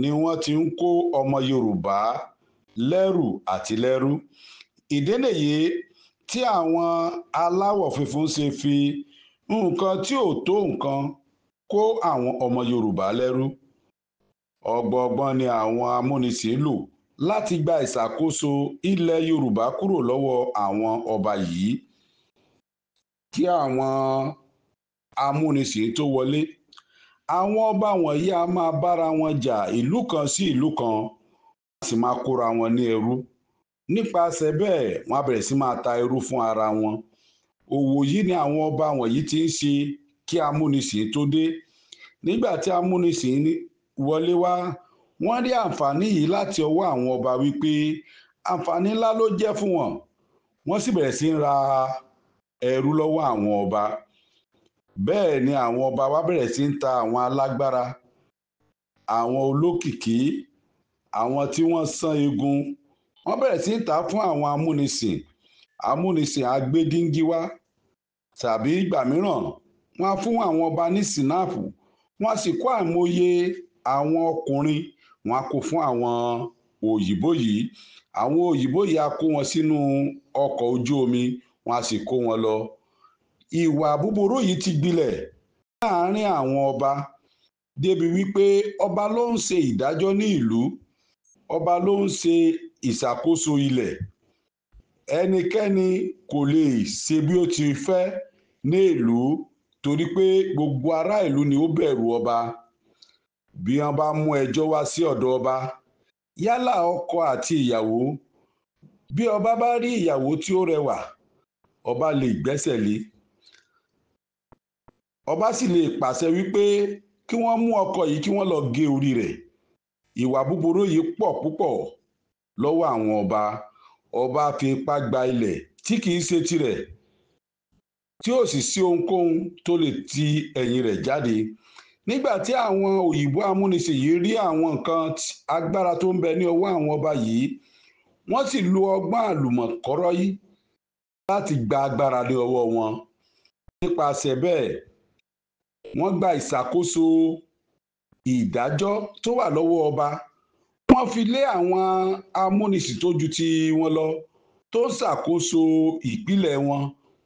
ni wọ́n ti ń kó ọmọ yorùbá lẹ́rù àti lẹ́rú ìdí nìyí tí àwọn aláwọ̀ funfun ṣe fi nǹkan tí ò tó nǹkan kó àwọn ọmọ yorùbá lẹ́rú ọgbọọgbọ́n ni àwọn amúnisìn lò láti gba ìṣàkóso ilẹ̀ yorùbá kúrò lọ́wọ́ àwọn ọba yìí kí àwọn amúnisìn tó wọlé àwọn ọba wọ̀nyí a máa bára wọn jà ìlú kan sí ìlú kan wọ́n sì máa kóra wọn ní ẹrú nípasẹ̀ bẹ́ẹ̀ wọ́n á bẹ̀rẹ̀ sí máa ta ẹrú fún ara wọn òwò yìí ni àwọn ọba wọ̀nyí ti ń ṣe kí amúnisìn tó dé nígbà tí amúnisìn wọlé wá wọ́n rí àǹfààní yìí láti ọwọ́ àwọn ọba wípé àǹfààní ńlá ló jẹ́ fún wọn wọ́n sì bẹ̀rẹ̀ sí ń ra ẹrú lọ́wọ́ àwọn ọba bẹ́ẹ̀ ni àwọn ọba wa bẹ̀rẹ̀ sí ń ta àwọn alágbára àwọn olókìkí àwọn tí wọ́n san egun wọ́n bẹ̀rẹ̀ sí ń ta fún àwọn amúnisìn amúnisìn agbẹ́díngí wá tàbí ìgbà mìíràn wọ́n á fún àwọn ọba ní sinapu wọ́n á sì kó àìmọye àwọn ọkùnrin wọ́n á kó fún àwọn òyìnbó yìí àwọn òyìnbó yìí á kó wọn sínú ọkọ̀ ojú omi wọ́n á sì kó wọn lọ ìwà búburú yìí ti gbilẹ̀ láàárín àwọn ọba débi wípé ọba ló ń ṣe ìdájọ́ ní ìlú ọba ló ń ṣe ìṣàkóso ilẹ̀ ẹnikẹ́ni kò lè ṣe bí ó ti fẹ́ ní ìlú torí pé gbogbo ará ìlú ni ó bẹ̀rù ọba bí wọ́n bá mú ẹjọ́ wá sí ọ̀dọ̀ ọba yálà ọkọ àti ìyàwó bí ọba bá rí ìyàwó tí ó rẹwà ọba lè gbẹ́sẹ̀ lé ọba sì lè pàṣẹ wípé kí wọ́n mú ọkọ yìí kí wọ́n lọ gé orí rẹ̀ ìwà búburú yìí pọ̀ púpọ̀ lọ́wọ́ àwọn ọba ọba fi ipá gba ilẹ̀ tí kìí ṣe tirẹ̀ tí ò sì sí ohunkóhun tó lè ti ẹ̀yìn rẹ̀ jáde nígbà tí àwọn òyìnbó amúnisìn yìí rí àwọn nǹkan agbára tó ń bẹ ní ọwọ́ àwọn ọba yìí wọ́n sì lo ọgbọ́n àlùmọ̀kọ́rọ́ yìí láti gba agbára lé ọwọ́ wọn nípasẹ̀ bẹ́ẹ̀ wọ́n gba ìṣàkóso ìdájọ́ tó wà lọ́wọ́ ọba wọ́n fi lé àwọn amúnisìn tó ju ti wọn lọ tó ṣàkóso ìpínlẹ̀ wọn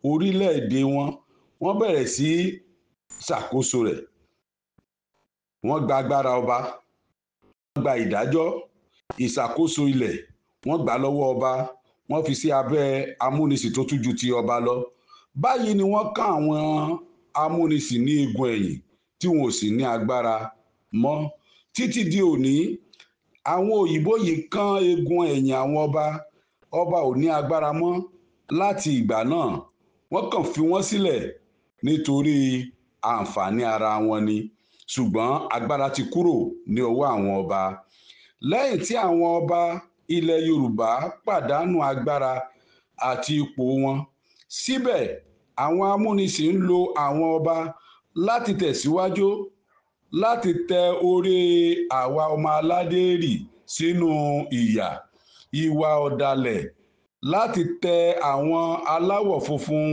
orílẹ̀-èdè wọn wọ́n bẹ̀rẹ̀ sí ṣàkóso rẹ̀ wọ́n gba agbára ọba wọ́n gba ìdájọ́ ìṣàkóso ilẹ̀ wọ́n gbà lọ́wọ́ ọba wọ́n fi sí abẹ́ amúnisìn tó tún ju ti ọba lọ báyìí ni wọ́n ká àwọn amúnisìn ní igun ẹ̀yìn tí wọn ò sì ní agbára mọ́ títí di òní àwọn òyìnbó yìí kán egun ẹ̀yìn àwọn ọba ọba ò ní agbára mọ́ láti ìgbà náà wọ́n kàn fi wọ́n sílẹ̀ nítorí àǹfààní ara wọn ni ṣùgbọ́n agbára ti kúrò ní ọwọ́ àwọn ọba lẹ́yìn tí àwọn ọba ilẹ̀ yorùbá pàdánù agbára àti ipò wọn síbẹ̀ àwọn amúnisìn ń lo àwọn ọba láti tẹ̀síwájú láti tẹ orí àwa ọmọ aládé rì sínú ìyà ìwà ọ̀dàlẹ̀ láti tẹ àwọn aláwọ̀ funfun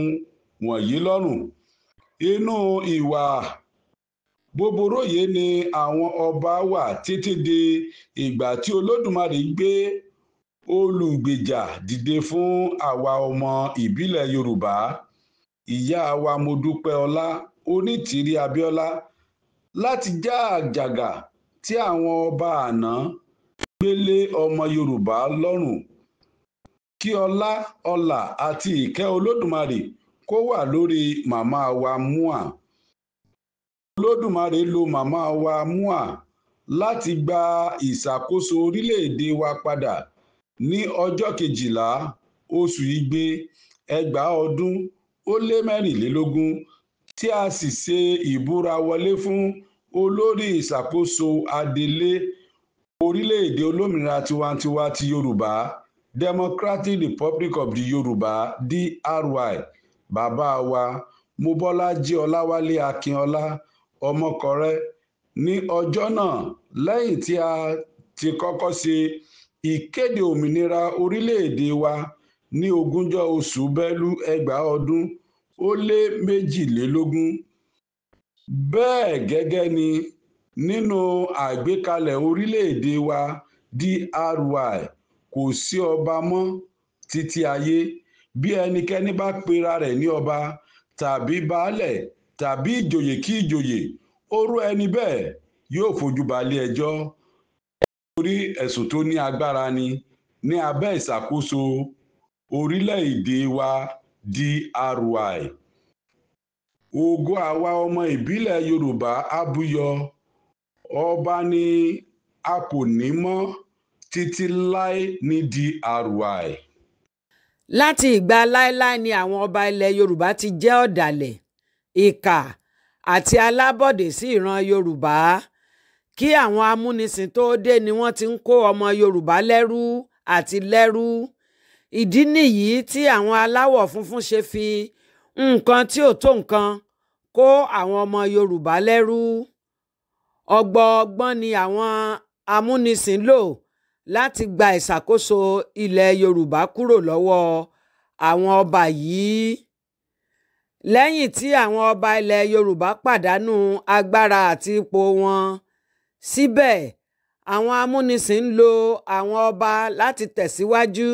wọ̀nyí lọ́rùn inú ìwà bóboróyè ni àwọn ọba wà títí di ìgbà tí olódùmarè gbé olùgbèjà dìde fún àwa ọmọ ìbílẹ̀ yorùbá ìyá wa modúpẹ́ ọlá onítìrí abíọ́lá láti já àjàgà tí àwọn ọba àná gbélé ọmọ yorùbá lọ́rùn kí ọlá ọlà àti ìkẹ́ olódùmarè kó wà lórí màmá wa mua olódùmarè lo màmá wa mua láti gba ìṣàkóso orílẹ̀-èdè wa padà ní ọjọ́ kejìlá oṣù igbe ẹgbàá ọdún ó lé mẹ́rìnlélógún tí a sì ṣe ìbúra wọlé fún olórí ìṣàkóso adelé orílẹ̀-èdè olómìnira tiwantiwa ti yorùbá democratic republic of the yorùbá dry bàbá wa mobọ́lájí ọláwálé akínọlá ọmọkọrẹ ní ọjọ́ náà lẹ́yìn tí a ti kọ́kọ́ ṣe ìkéde òmìnira orílẹ̀-èdè wa ní ogúnjọ́ oṣù bẹ́lú ẹgbàá ọdún ó lé méjìlélógún bẹ́ẹ̀ gẹ́gẹ́ ni nínú àgbékalẹ̀ orílẹ̀-èdè wa DRY kò sí ọba mọ́ títí ayé bí ẹnikẹ́ni bá pera rẹ̀ ní ọba tàbí baálẹ̀ tàbí ìjòyè kí ìjòyè orú ẹni bẹ́ẹ̀ yóò fojú balẹ̀ ẹjọ́ torí ẹ̀sùn tó ní agbára ni ní abẹ́ ìṣàkóso orílẹ̀-èdè wa DRY ògo àwa ọmọ ìbílẹ̀ Yorùbá abúyọ ọba ni a kò ní mọ́ títí láé ní DRY. láti ìgbà láéláé ni àwọn ọba ilẹ̀ Yorùbá ti jẹ́ ọ̀dàlẹ̀ ìkà àti alábọ̀dé sí ìran yorùbá kí àwọn amúnisìn tó dé ni wọ́n ti ń kó ọmọ yorùbá lẹ́rú àti lẹ́rú ìdí nìyí tí àwọn aláwọ̀ funfun ṣe fi nǹkan tí ò tó nǹkan kó àwọn ọmọ yorùbá lẹ́rú ọgbọ́ọgbọ́n ni àwọn amúnisìn lò láti gba ìṣàkóso ilẹ̀ yorùbá kúrò lọ́wọ́ àwọn ọba yìí lẹ́yìn tí àwọn ọba ilẹ̀ yorùbá pàdánù agbára àti ipò wọn síbẹ̀ àwọn amúnisìn ń lo àwọn ọba láti tẹ̀síwájú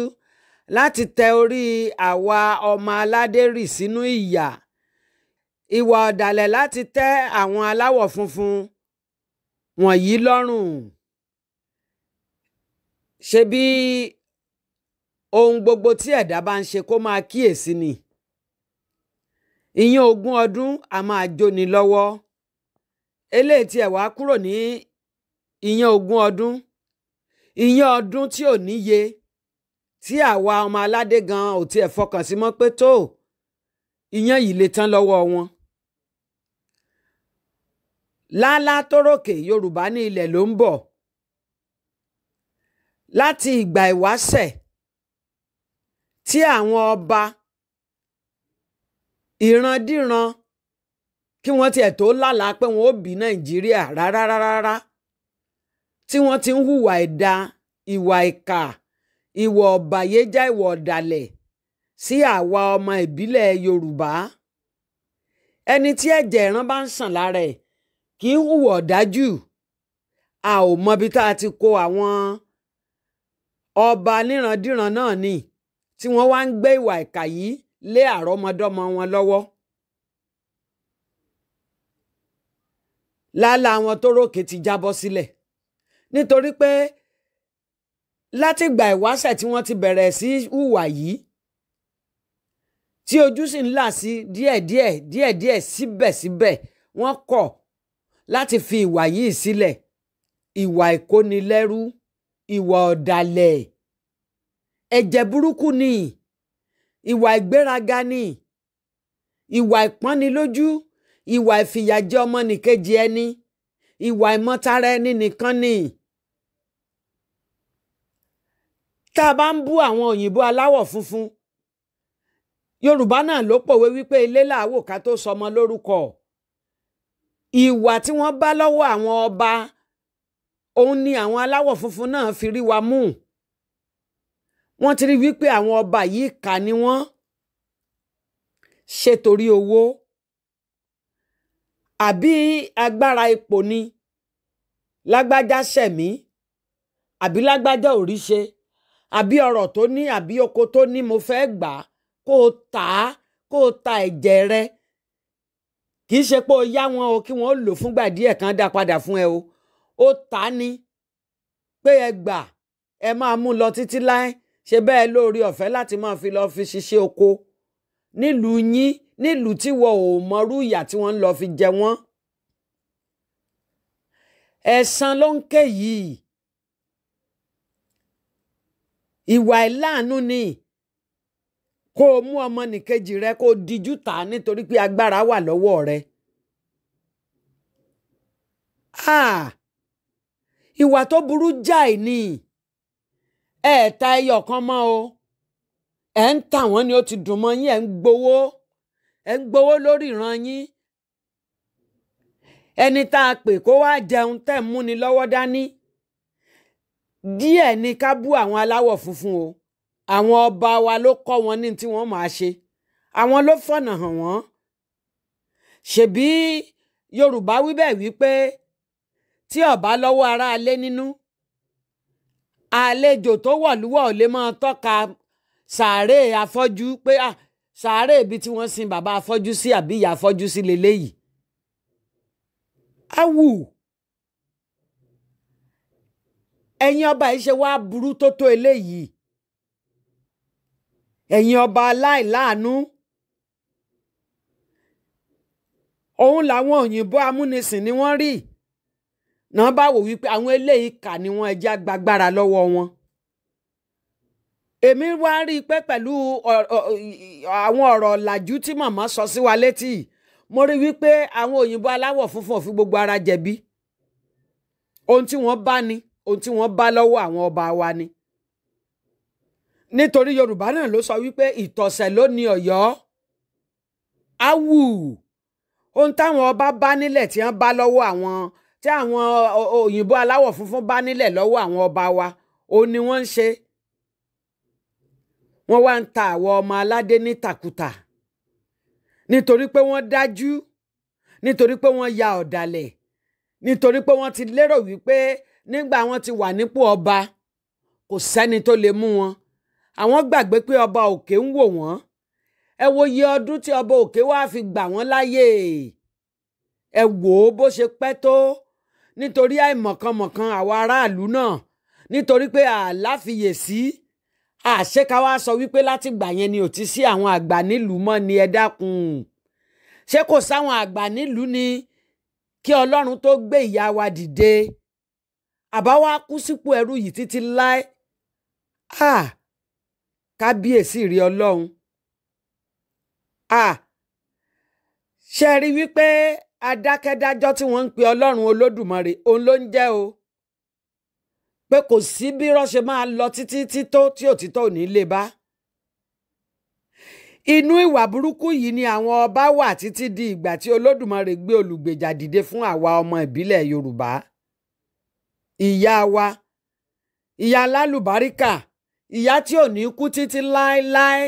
láti tẹ orí àwa ọmọ aládé rì sínú ìyà ìwà ọ̀dàlẹ̀ láti tẹ́ àwọn aláwọ̀ funfun wọ̀nyí lọ́rùn ṣebí ohun gbogbo tí ẹ̀dá bá ń ṣe kó máa kíyèsí ni ìyẹn ogún ọdún a máa jóni lọ́wọ́ eléyìí tí ẹ̀ wá kúrò ní ìyẹn ogún ọdún ìyẹn ọdún tí ò níye tí àwa ọmọ aládé gan ò tiẹ̀ fọkàn sí mọ́ pé tó ìyẹn yìí lè tán lọ́wọ́ wọn. lálá tóròkè yorùbá ní ilẹ̀ ló ń bọ̀ láti ìgbà ìwáṣẹ̀ tí àwọn ọba ìrandíran kí wọ́n tiẹ̀ tó lálàá pé wọ́n ó bí nàìjíríà rárá rárá rárá tí wọ́n ti ń hùwà ẹ̀dá ìwà ìkà ìwà ọ̀bàyéjá ìwà ọ̀dàlẹ̀ sí àwa ọmọ ìbílẹ̀ yorùbá ẹni tí ẹ̀jẹ̀ ìran bá ń sàn lára ẹ̀ kì í hùwà ọ̀dájú a ò mọbi tá a ti kó àwọn ọba nírandíran náà ni tí wọ́n wá ń gbé ìwà ìkà yìí lé àrọ́mọdọ́mọ wọn lọ́wọ́ lálá wọn tó rókè ti jábọ́ sílẹ̀ nítorí pé látìgbà ìwáṣẹ̀ tí wọ́n ti bẹ̀rẹ̀ sí hùwà yìí tí ojú sì ń là sí díẹ̀díẹ̀ díẹ̀díẹ̀ síbẹ̀síbẹ̀ wọ́n kọ̀ láti fi ìwà yìí sílẹ̀ ìwà ìkónilẹ́rú ìwà ọ̀dàlẹ̀ ẹ̀jẹ̀ burúkú nìyí ìwà ìgbéraga ni ìwà ìpọ́nilójú ìwà ìfìyàjẹ ọmọnìkejì ẹni ìwà ìmọtara ẹni nìkan ni. tá a bá ń bú àwọn òyìnbó aláwọ̀ funfun yorùbá náà ló pòwe wípé ilé làwò ká tó sọmọ lórúkọ ìwà tí wọ́n bá lọ́wọ́ àwọn ọba òun ni àwọn aláwọ̀ funfun náà fi rí wa mú wọ́n ti rí wípé àwọn ọba yìí kà ni wọ́n ṣe torí owó àbí agbára ipò ni lágbájá ṣẹ̀mí àbí lágbájá ò rí ṣe àbí ọrọ̀ tó ní àbí oko tó ní mo fẹ́ gbà á kó o tà á kó o ta ẹ̀jẹ̀ rẹ kì í ṣe pé o yá wọn o kí wọn lò fúngbà díẹ̀ kan dá padà fún ẹ o ó tà á ni pé ẹ gbà ẹ máa mú lọ títí láé ṣe bẹ́ẹ̀ lóore ọ̀fẹ́ láti máa fi lọ́ọ́ fi ṣiṣẹ́ oko nílùú yín nílùú tí wọn ò mọrú ìyà tí wọ́n ń lọ́ọ́ fi jẹ wọ́n. ẹ̀san ló ń ké yìí ìwà ìláàánú ni kó o mú ọmọnìkejì rẹ kó o dijú tà á nítorí pé agbára wà lọ́wọ́ rẹ. ìwà tó burú jáì ni ẹ ẹ̀ ta ẹyọ kan mọ́ o ẹ̀ ń tà wọ́n ni ó ti dùn mọ́ yín ẹ̀ ń gbowó ẹ̀ ń gbowó lórí ìran yín ẹni tá a pè kó wá jẹun tẹ̀ ń múni lọ́wọ́ dání díẹ̀ ni ká bú àwọn aláwọ̀ funfun o àwọn ọba wa ló kọ́ wọn ní tí wọ́n máa ṣe àwọn ló fọ̀nà hàn wọ́n ṣebí Yorùbá wíbẹ̀ wípé tí ọba lọ́wọ́ aráalé nínú àlejò tó wọ̀ lúwọ̀ ò lè máa tọ́ka sàárè afọ́jú pé ah sàárè ibi tí wọ́n sin bàbá afọ́jú sí àbí ìyá afọ́jú sí leléyìí. awù ẹ̀yin ọba yìí ṣe wá burú tó tó eléyìí ẹ̀yin ọba aláìláàánú òun làwọn òyìnbó amúnisìn ni wọ́n rí náà bá wò wípé àwọn eléyìí kà ni wọ́n ẹja gbàgbára lọ́wọ́ wọn èmi wá rí i pé pẹ̀lú àwọn ọ̀rọ̀ ọ̀làjú tí màmá sọ sí wa létí mo rí wípé àwọn òyìnbó aláwọ̀ funfun ò fi gbogbo ara jẹ̀bi ohun tí wọ́n bá ni ohun tí wọ́n bá lọ́wọ́ àwọn ọba wa ni nítorí yorùbá náà ló sọ wípé ìtọ̀sẹ̀ ló ọ̀yọ́ awù ohun táwọn ọba bá nílẹ̀ tí wọ́n bá lọ́wọ́ àwọn tí àwọn òyìnbó aláwọ̀ funfun bá nílẹ̀ lọ́wọ́ àwọn ọba wa ó ní wọ́n ń ṣe wọ́n wá ń ta àwọn ọmọ aládé ní tàkùtà nítorí pé wọ́n dájú nítorí pé wọ́n ya ọ̀dàlẹ̀ nítorí pé wọ́n ti lérò wípé nígbà wọ́n ti wà nípò ọba kò sẹ́ni tó lè mú wọn àwọn gbàgbé pé ọba òkè ń wò wọ́n ẹ wo iye ọdún tí ọba òkè wá fi gbà wọ́n láyè ẹ wò ó bó ṣe pẹ́ tó nítorí àìmọ̀kànmọ̀kàn àwọn aráàlú náà nítorí pé àláfiyèsí àṣekáwá sọ wípé látìgbà yẹn ni ò ti sí àwọn àgbà nílùú mọ́ ni ẹ dákun ṣé kò sáwọn àgbà nílùú ni kí ọlọ́run tó gbé ìyá wa dìde àbá kú sípò ẹrú yìí títí láé à kábíyèsí rí ọlọ́run à ṣe rí wípé adákẹ́dájọ́ tí wọ́n ń pe ọlọ́run olódùmarè òun ló ń jẹ́ o pé kò sí bí rọ́ṣe máa lọ títí tító tí òtítọ́ ò ní lè bá inú ìwà burúkú yìí ni àwọn ọba wà títí di ìgbà tí olódùmarè gbé olùgbèjà dìde fún àwa ọmọ ìbílẹ̀ yorùbá ìyá wa ìyá alálùbáríkà ìyá tí ò ní kú títí láéláé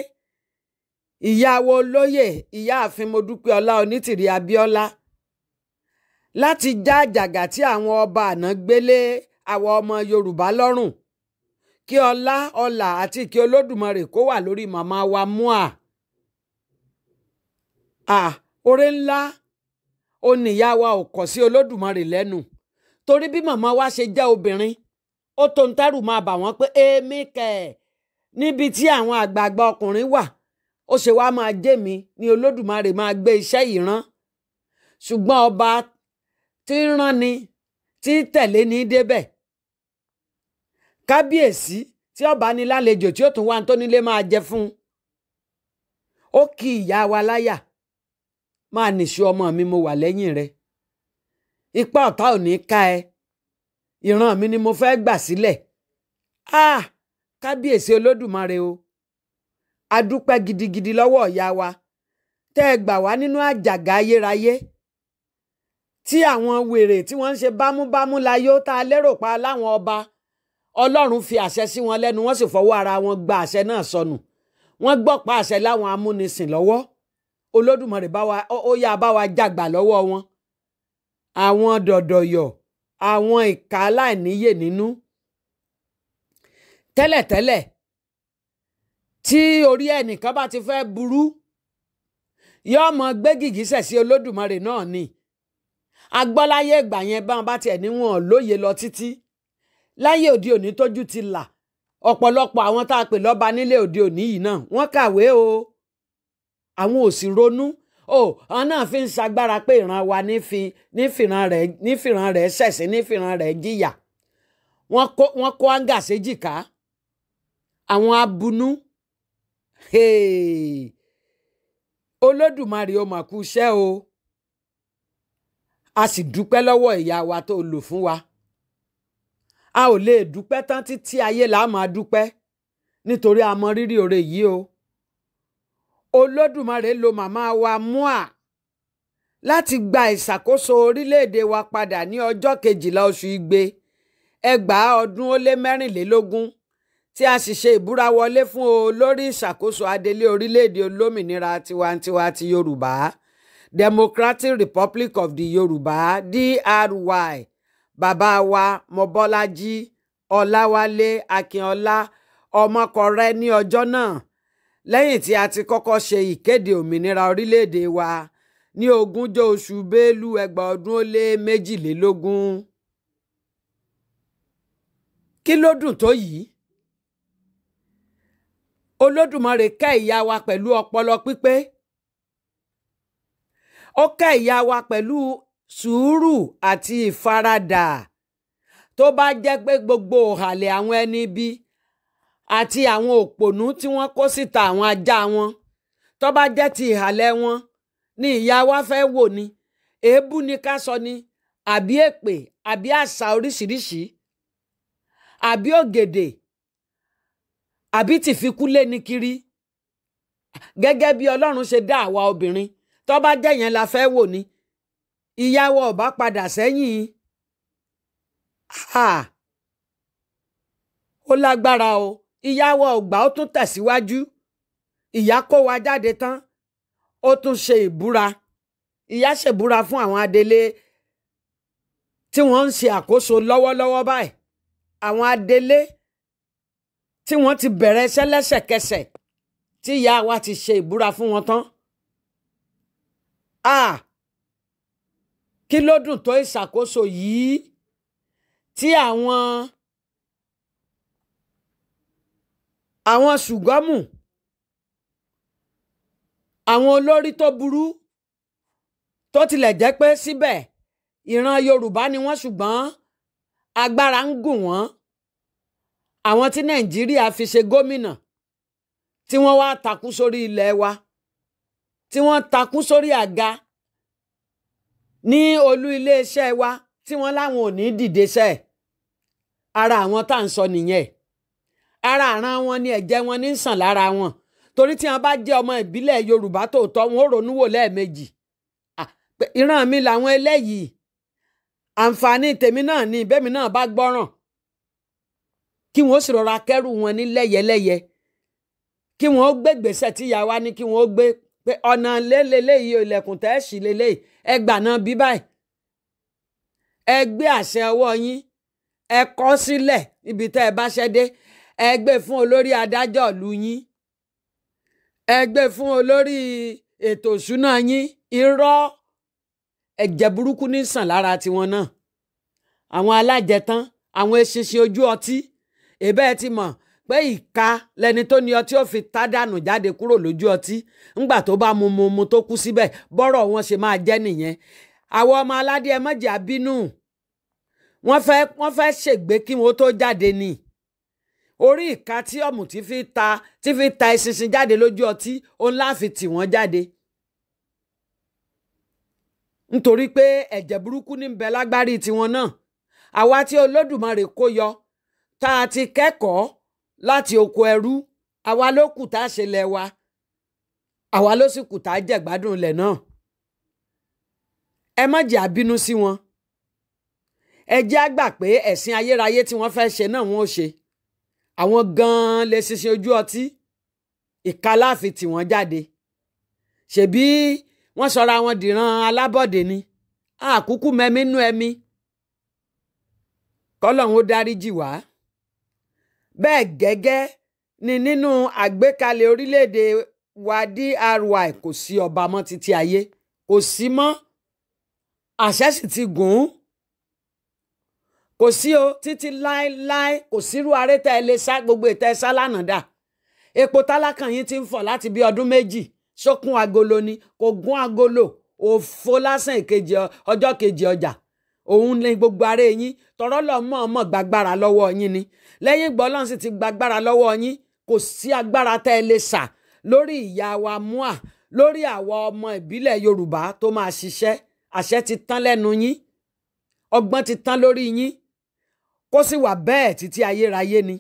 ìyá wo olóyè ìyá àfin modúpẹ́ ọlá onítìrí abíọ́lá láti já àjàgà tí àwọn ọba àná gbélé àwọn ọmọ Yorùbá lọ́rùn kí ọlá ọlà àti kí Olódùmarè kó wà lórí màmá wa mua à oore ńlá ó níyà wa ò kọ̀ sí Olódùmarè lẹ́nu torí bí màmá wa ṣe jẹ́ obìnrin ó tó ń tẹ́rù máa bà wọ́n pé èmi kẹ̀ níbi tí àwọn àgbààgbà ọkùnrin wà ó ṣe wá máa jẹ́ mi ni Olódùmarè máa gbé iṣẹ́ yìí rán ṣùgbọ́n ọba tí ń rán ni tí ń tẹ̀lé ní débẹ̀ kábíyèsí tí ọba ni lálejò tí ó tún wá tó nílé máa jẹ fún un ó kì ìyá wa láyà máa ọmọ mi mo wà lẹ́yìn rẹ ipá ọ̀tá ò ní ká ẹ ìran mi ni mo fẹ́ gbà sílẹ̀ ah kábíyèsí olódùmarè o gidigidi lọ́wọ́ ìyá wa tẹ́ ẹ gbà wá nínú àjàgà ayérayé. tí àwọn wèrè tí wọ́n ń ṣe bámúbámú láyé tá a lérò pa láwọn ọba ọlọ́run fi àṣẹ sí wọn lẹ́nu wọ́n sì fọwọ́ ara wọn gba àṣẹ náà sọnù wọ́n gbọ́pá àṣẹ láwọn amúnisìn lọ́wọ́ olódùmarè ó yá bá wa jàgbà lọ́wọ́ wọn àwọn dọ̀dọ̀yọ̀ àwọn ìka aláìníyè nínú tẹ́lẹ̀tẹ́lẹ̀ tí orí ẹnìkan bá ti fẹ́ burú yóò mọ gbé gìgísẹ̀ sí olódùmarè náà ni. Tẹ́lẹ̀, tẹ́lẹ̀, agbọ́láyé ìgbà yẹn báwọn bá tiẹ̀ níwọ̀n lóye lọ títí láyé òde òní tójú ti là ọ̀pọ̀lọpọ̀ àwọn tá a pè lọ́ba nílé òde òní yìí náà wọ́n kàwé o àwọn ò sì ronú o àwọn náà fi ń ṣagbára pé ìran wa nífìran rẹ̀ ṣẹ̀sìn nífìran rẹ̀ jìyà wọ́n kó áńgà séjìká àwọn abunú olódùmarè ó mà kú o. Hey a sì dúpẹ́ lọ́wọ́ ìyá wa tó lò fún wa a ò lè dúpẹ́ tán títí ayé là á máa dúpẹ́ nítorí a mọ rírì oore yìí o olódùmarè lo màmá wa mua láti gba ìṣàkóso orílẹ̀-èdè wa padà ní ọjọ́ kejìlá oṣù igbe ẹgbàá ọdún ó lé mẹ́rìnlélógún tí a sì ṣe ìbúra wọlé fún olórí ìṣàkóso adelé orílẹ̀-èdè olómìnira tiwantiwa ti yorùbá democratic republic of the Yoruba dry bàbá wa mọ́bọ́lájí ọláwálé akínọlá ọmọkọrẹ ní ọjọ́ náà lẹ́yìn tí a ti kọ́kọ́ ṣe ìkéde òmìnira orílẹ̀-èdè wa ní ogúnjọ́ oṣù bélú ẹgbàá ọdún ó lé méjìlélógún kí ló dùn tó yìí olódùmarè kẹ́ ìyá wa pẹ̀lú ọpọlọ pípé ó kẹ́ ìyá wa pẹ̀lú sùúrù àti ìfaradà tó bá jẹ́ pé gbogbo òhàlẹ̀ àwọn ẹni bí àti àwọn òpònú tí wọ́n kó síta àwọn ajá wọn tó bá jẹ́ ti ìhàlẹ̀ wọn ni ìyá wa fẹ́ wò ni èébú ni ká sọ ni àbí èpè àbí àṣà oríṣiríṣi àbí ògèdè àbí tìfikúlé ni kiri gẹ́gẹ́ bí Ọlọ́run ṣe dá àwa obìnrin tó bá jẹ́ yẹn la fẹ́ wò ni ìyàwó ọba padà sẹ́yìn ó lágbára o ìyàwó ọgbà ó tún tẹ̀síwájú ìyá kó wa jáde tán ó tún ṣe ìbúra ìyá ṣèbúra fún àwọn adelé tí wọ́n ń ṣe àkóso lọ́wọ́lọ́wọ́ báyìí àwọn adelé tí wọ́n ti bẹ̀rẹ̀ iṣẹ́ lẹ́sẹ̀kẹsẹ̀ tí ìyá wa ti ṣe ìbúra fún wọn tán ah kí ló dùn tó ìṣàkóso yìí tí àwọn àwọn ṣùgọ́mù àwọn olórí tó burú tó tilẹ̀ jẹ́ pé síbẹ̀ ìran Yorùbá ni wọ́n ṣùgbọ́n agbára ń gùn wọ́n àwọn tí Nàìjíríà fi ṣe gómìnà tí wọ́n wá takú sórí ilẹ̀ wa tí wọ́n takú sórí àga ní olú iléeṣẹ́ wa tí wọ́n láwọn ò ní dìde ara àwọn tá à ń sọ nìyẹn ara àran wọn ni ẹ̀jẹ̀ wọn ní sàn lára wọn torí tí wọ́n bá jẹ́ ọmọ ìbílẹ̀ Yorùbá tòótọ́ wọn ò ronú wò lẹ́ẹ̀mejì ìran mi làwọn eléyìí àǹfààní tèmi náà ni bẹ́mi náà bá gbọ́ràn kí wọ́n sì rọra kẹ́rù wọn ní lẹ́yẹlẹ́yẹ kí wọ́n gbé gbèsè tíyàwó ní kí wọ́n gbé pé ọ̀nà lélẹ́lẹ́yìí ilẹ̀kùn tẹ́ ṣì lélẹ́yìí ẹ gbà náà bí báyìí ẹ gbé àṣẹ ọwọ́ yín ẹ kọ́ sílẹ̀ ibi tẹ́ ẹ bá ṣẹ́ dé ẹ gbé fún olórí adájọ́ ìlú yín ẹ gbé fún olórí ètò ìṣúná yín irọ́ ẹ̀jẹ̀ burúkú ní sàn lára tiwọn náà àwọn alájẹtán àwọn eṣinṣin ojú ọtí ẹ̀bẹ̀ ẹ ti mọ̀ pé ìka lẹni tó ní ọtí ó fi tá dànù jáde kúrò lójú ọtí ńgbà tó bá mu mu mu tó kú síbẹ̀ bọ́rọ̀ wọn ṣe máa jẹ́ nìyẹn àwọn ọmọ aládìẹ mọ̀jà bínú wọ́n fẹ́ wọ́n fẹ́ ṣègbè kí wọ́n tó jáde ni orí ìka tí ọ̀mùtí fi ta tí fi ta eṣinṣin jáde lójú ọtí òun láfi tì wọ́n jáde nítorí pé ẹ̀jẹ̀ burúkú ní bẹ lágbárí tiwọn náà àwa tí Olódùmarè kó yọ tá a ti kẹ́kọ̀ọ́ láti oko ẹrú àwa ló kù tá a ṣe lẹ̀ wa àwa ló sì kù tá a jẹ̀gbádùn lẹ̀ náà ẹ má jẹ́ àbínú sí wọn ẹ jẹ́ á gbà pé ẹ̀sìn ayérayé tí wọ́n fẹ́ ṣe náà wọ́n ó ṣe àwọn gan-an lè ṣiṣẹ́ ojú ọtí ìkaláàfin tí wọ́n jáde ṣebí wọ́n sọra wọn dìran alábọ̀dé ni àkúkú mẹ́mí nú ẹ̀mí kọ́lọ́hún ó dáríjì wá bẹ́ẹ̀ gẹ́gẹ́ ni nínú àgbékalẹ̀ orílẹ̀-èdè wa DRY kò sí ọba mọ́ títí ayé kò sí mọ́ àṣẹ sì ti gùn ún kò sí o títí láéláé kò sírú aré tẹ́ ẹ lè sá gbogbo ètò ẹ sá lánàá dà epo tálákà yín ti ń fọ̀ láti bí ọdún méjì ṣókun agolo ni kò gún agolo òfo lásán ìkejì ọjọ́ kejì ọjà òun ni gbogbo ara yín tọrọ lọ mọ ọmọ gbàgbára lọ́wọ́ yín ni lẹ́yìn ìgbà Ọlọ́run sì ti gbàgbára lọ́wọ́ yín kò sí agbára tẹ́ ẹ lè sà lórí ìyá wa mua lórí àwa ọmọ ìbílẹ̀ Yorùbá tó máa ṣiṣẹ́ àṣẹ ti tán lẹ́nu yín ọgbọ́n ti tán lórí yín kó sì wà bẹ́ẹ̀ títí ayérayé ni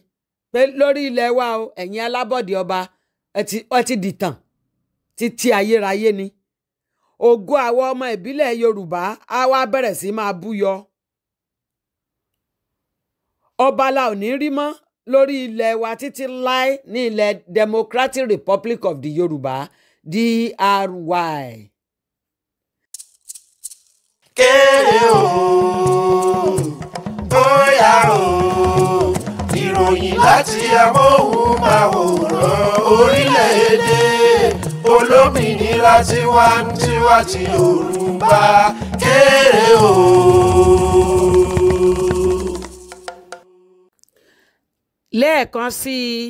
pé lórí ilẹ̀ wa o ẹ̀yin alábọ̀dé ọba ẹ ti dìtàn títí ayérayé ni ògo àwọn ọmọ ìbílẹ̀ yorùbá á wá bẹ̀rẹ̀ sí máa búyọ ọba la ò ní rí mọ́ lórí ilẹ̀ wa títí láé ní ilẹ̀ Democratic Republic of the Yorùbá DRY. kéde òun bóyá òun ìròyìn láti amóhùnmáwòrán orílẹ̀-èdè olómìnira tiwantiwa ti Yorùbá kéré o. lẹ́ẹ̀kan sí i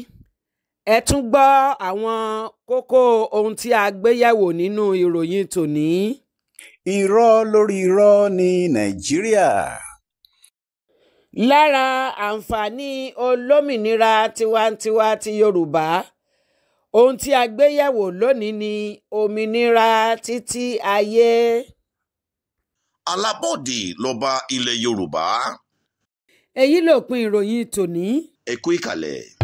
ẹ tún gbọ́ àwọn kókó ohun tí a gbé yẹ̀wò nínú ìròyìn tòní. irọ́ lórí irọ́ ní Nàìjíríà. lára àǹfààní olómìnira tiwantiwa ti Yorùbá ohun tí a gbé yẹ̀wò lónìí ni òmìnira títí ayé. alábọ̀dé lọ́ba ilẹ̀ yorùbá. èyí lòpin ìròyìn tòní. ẹ kú ìkàlẹ̀.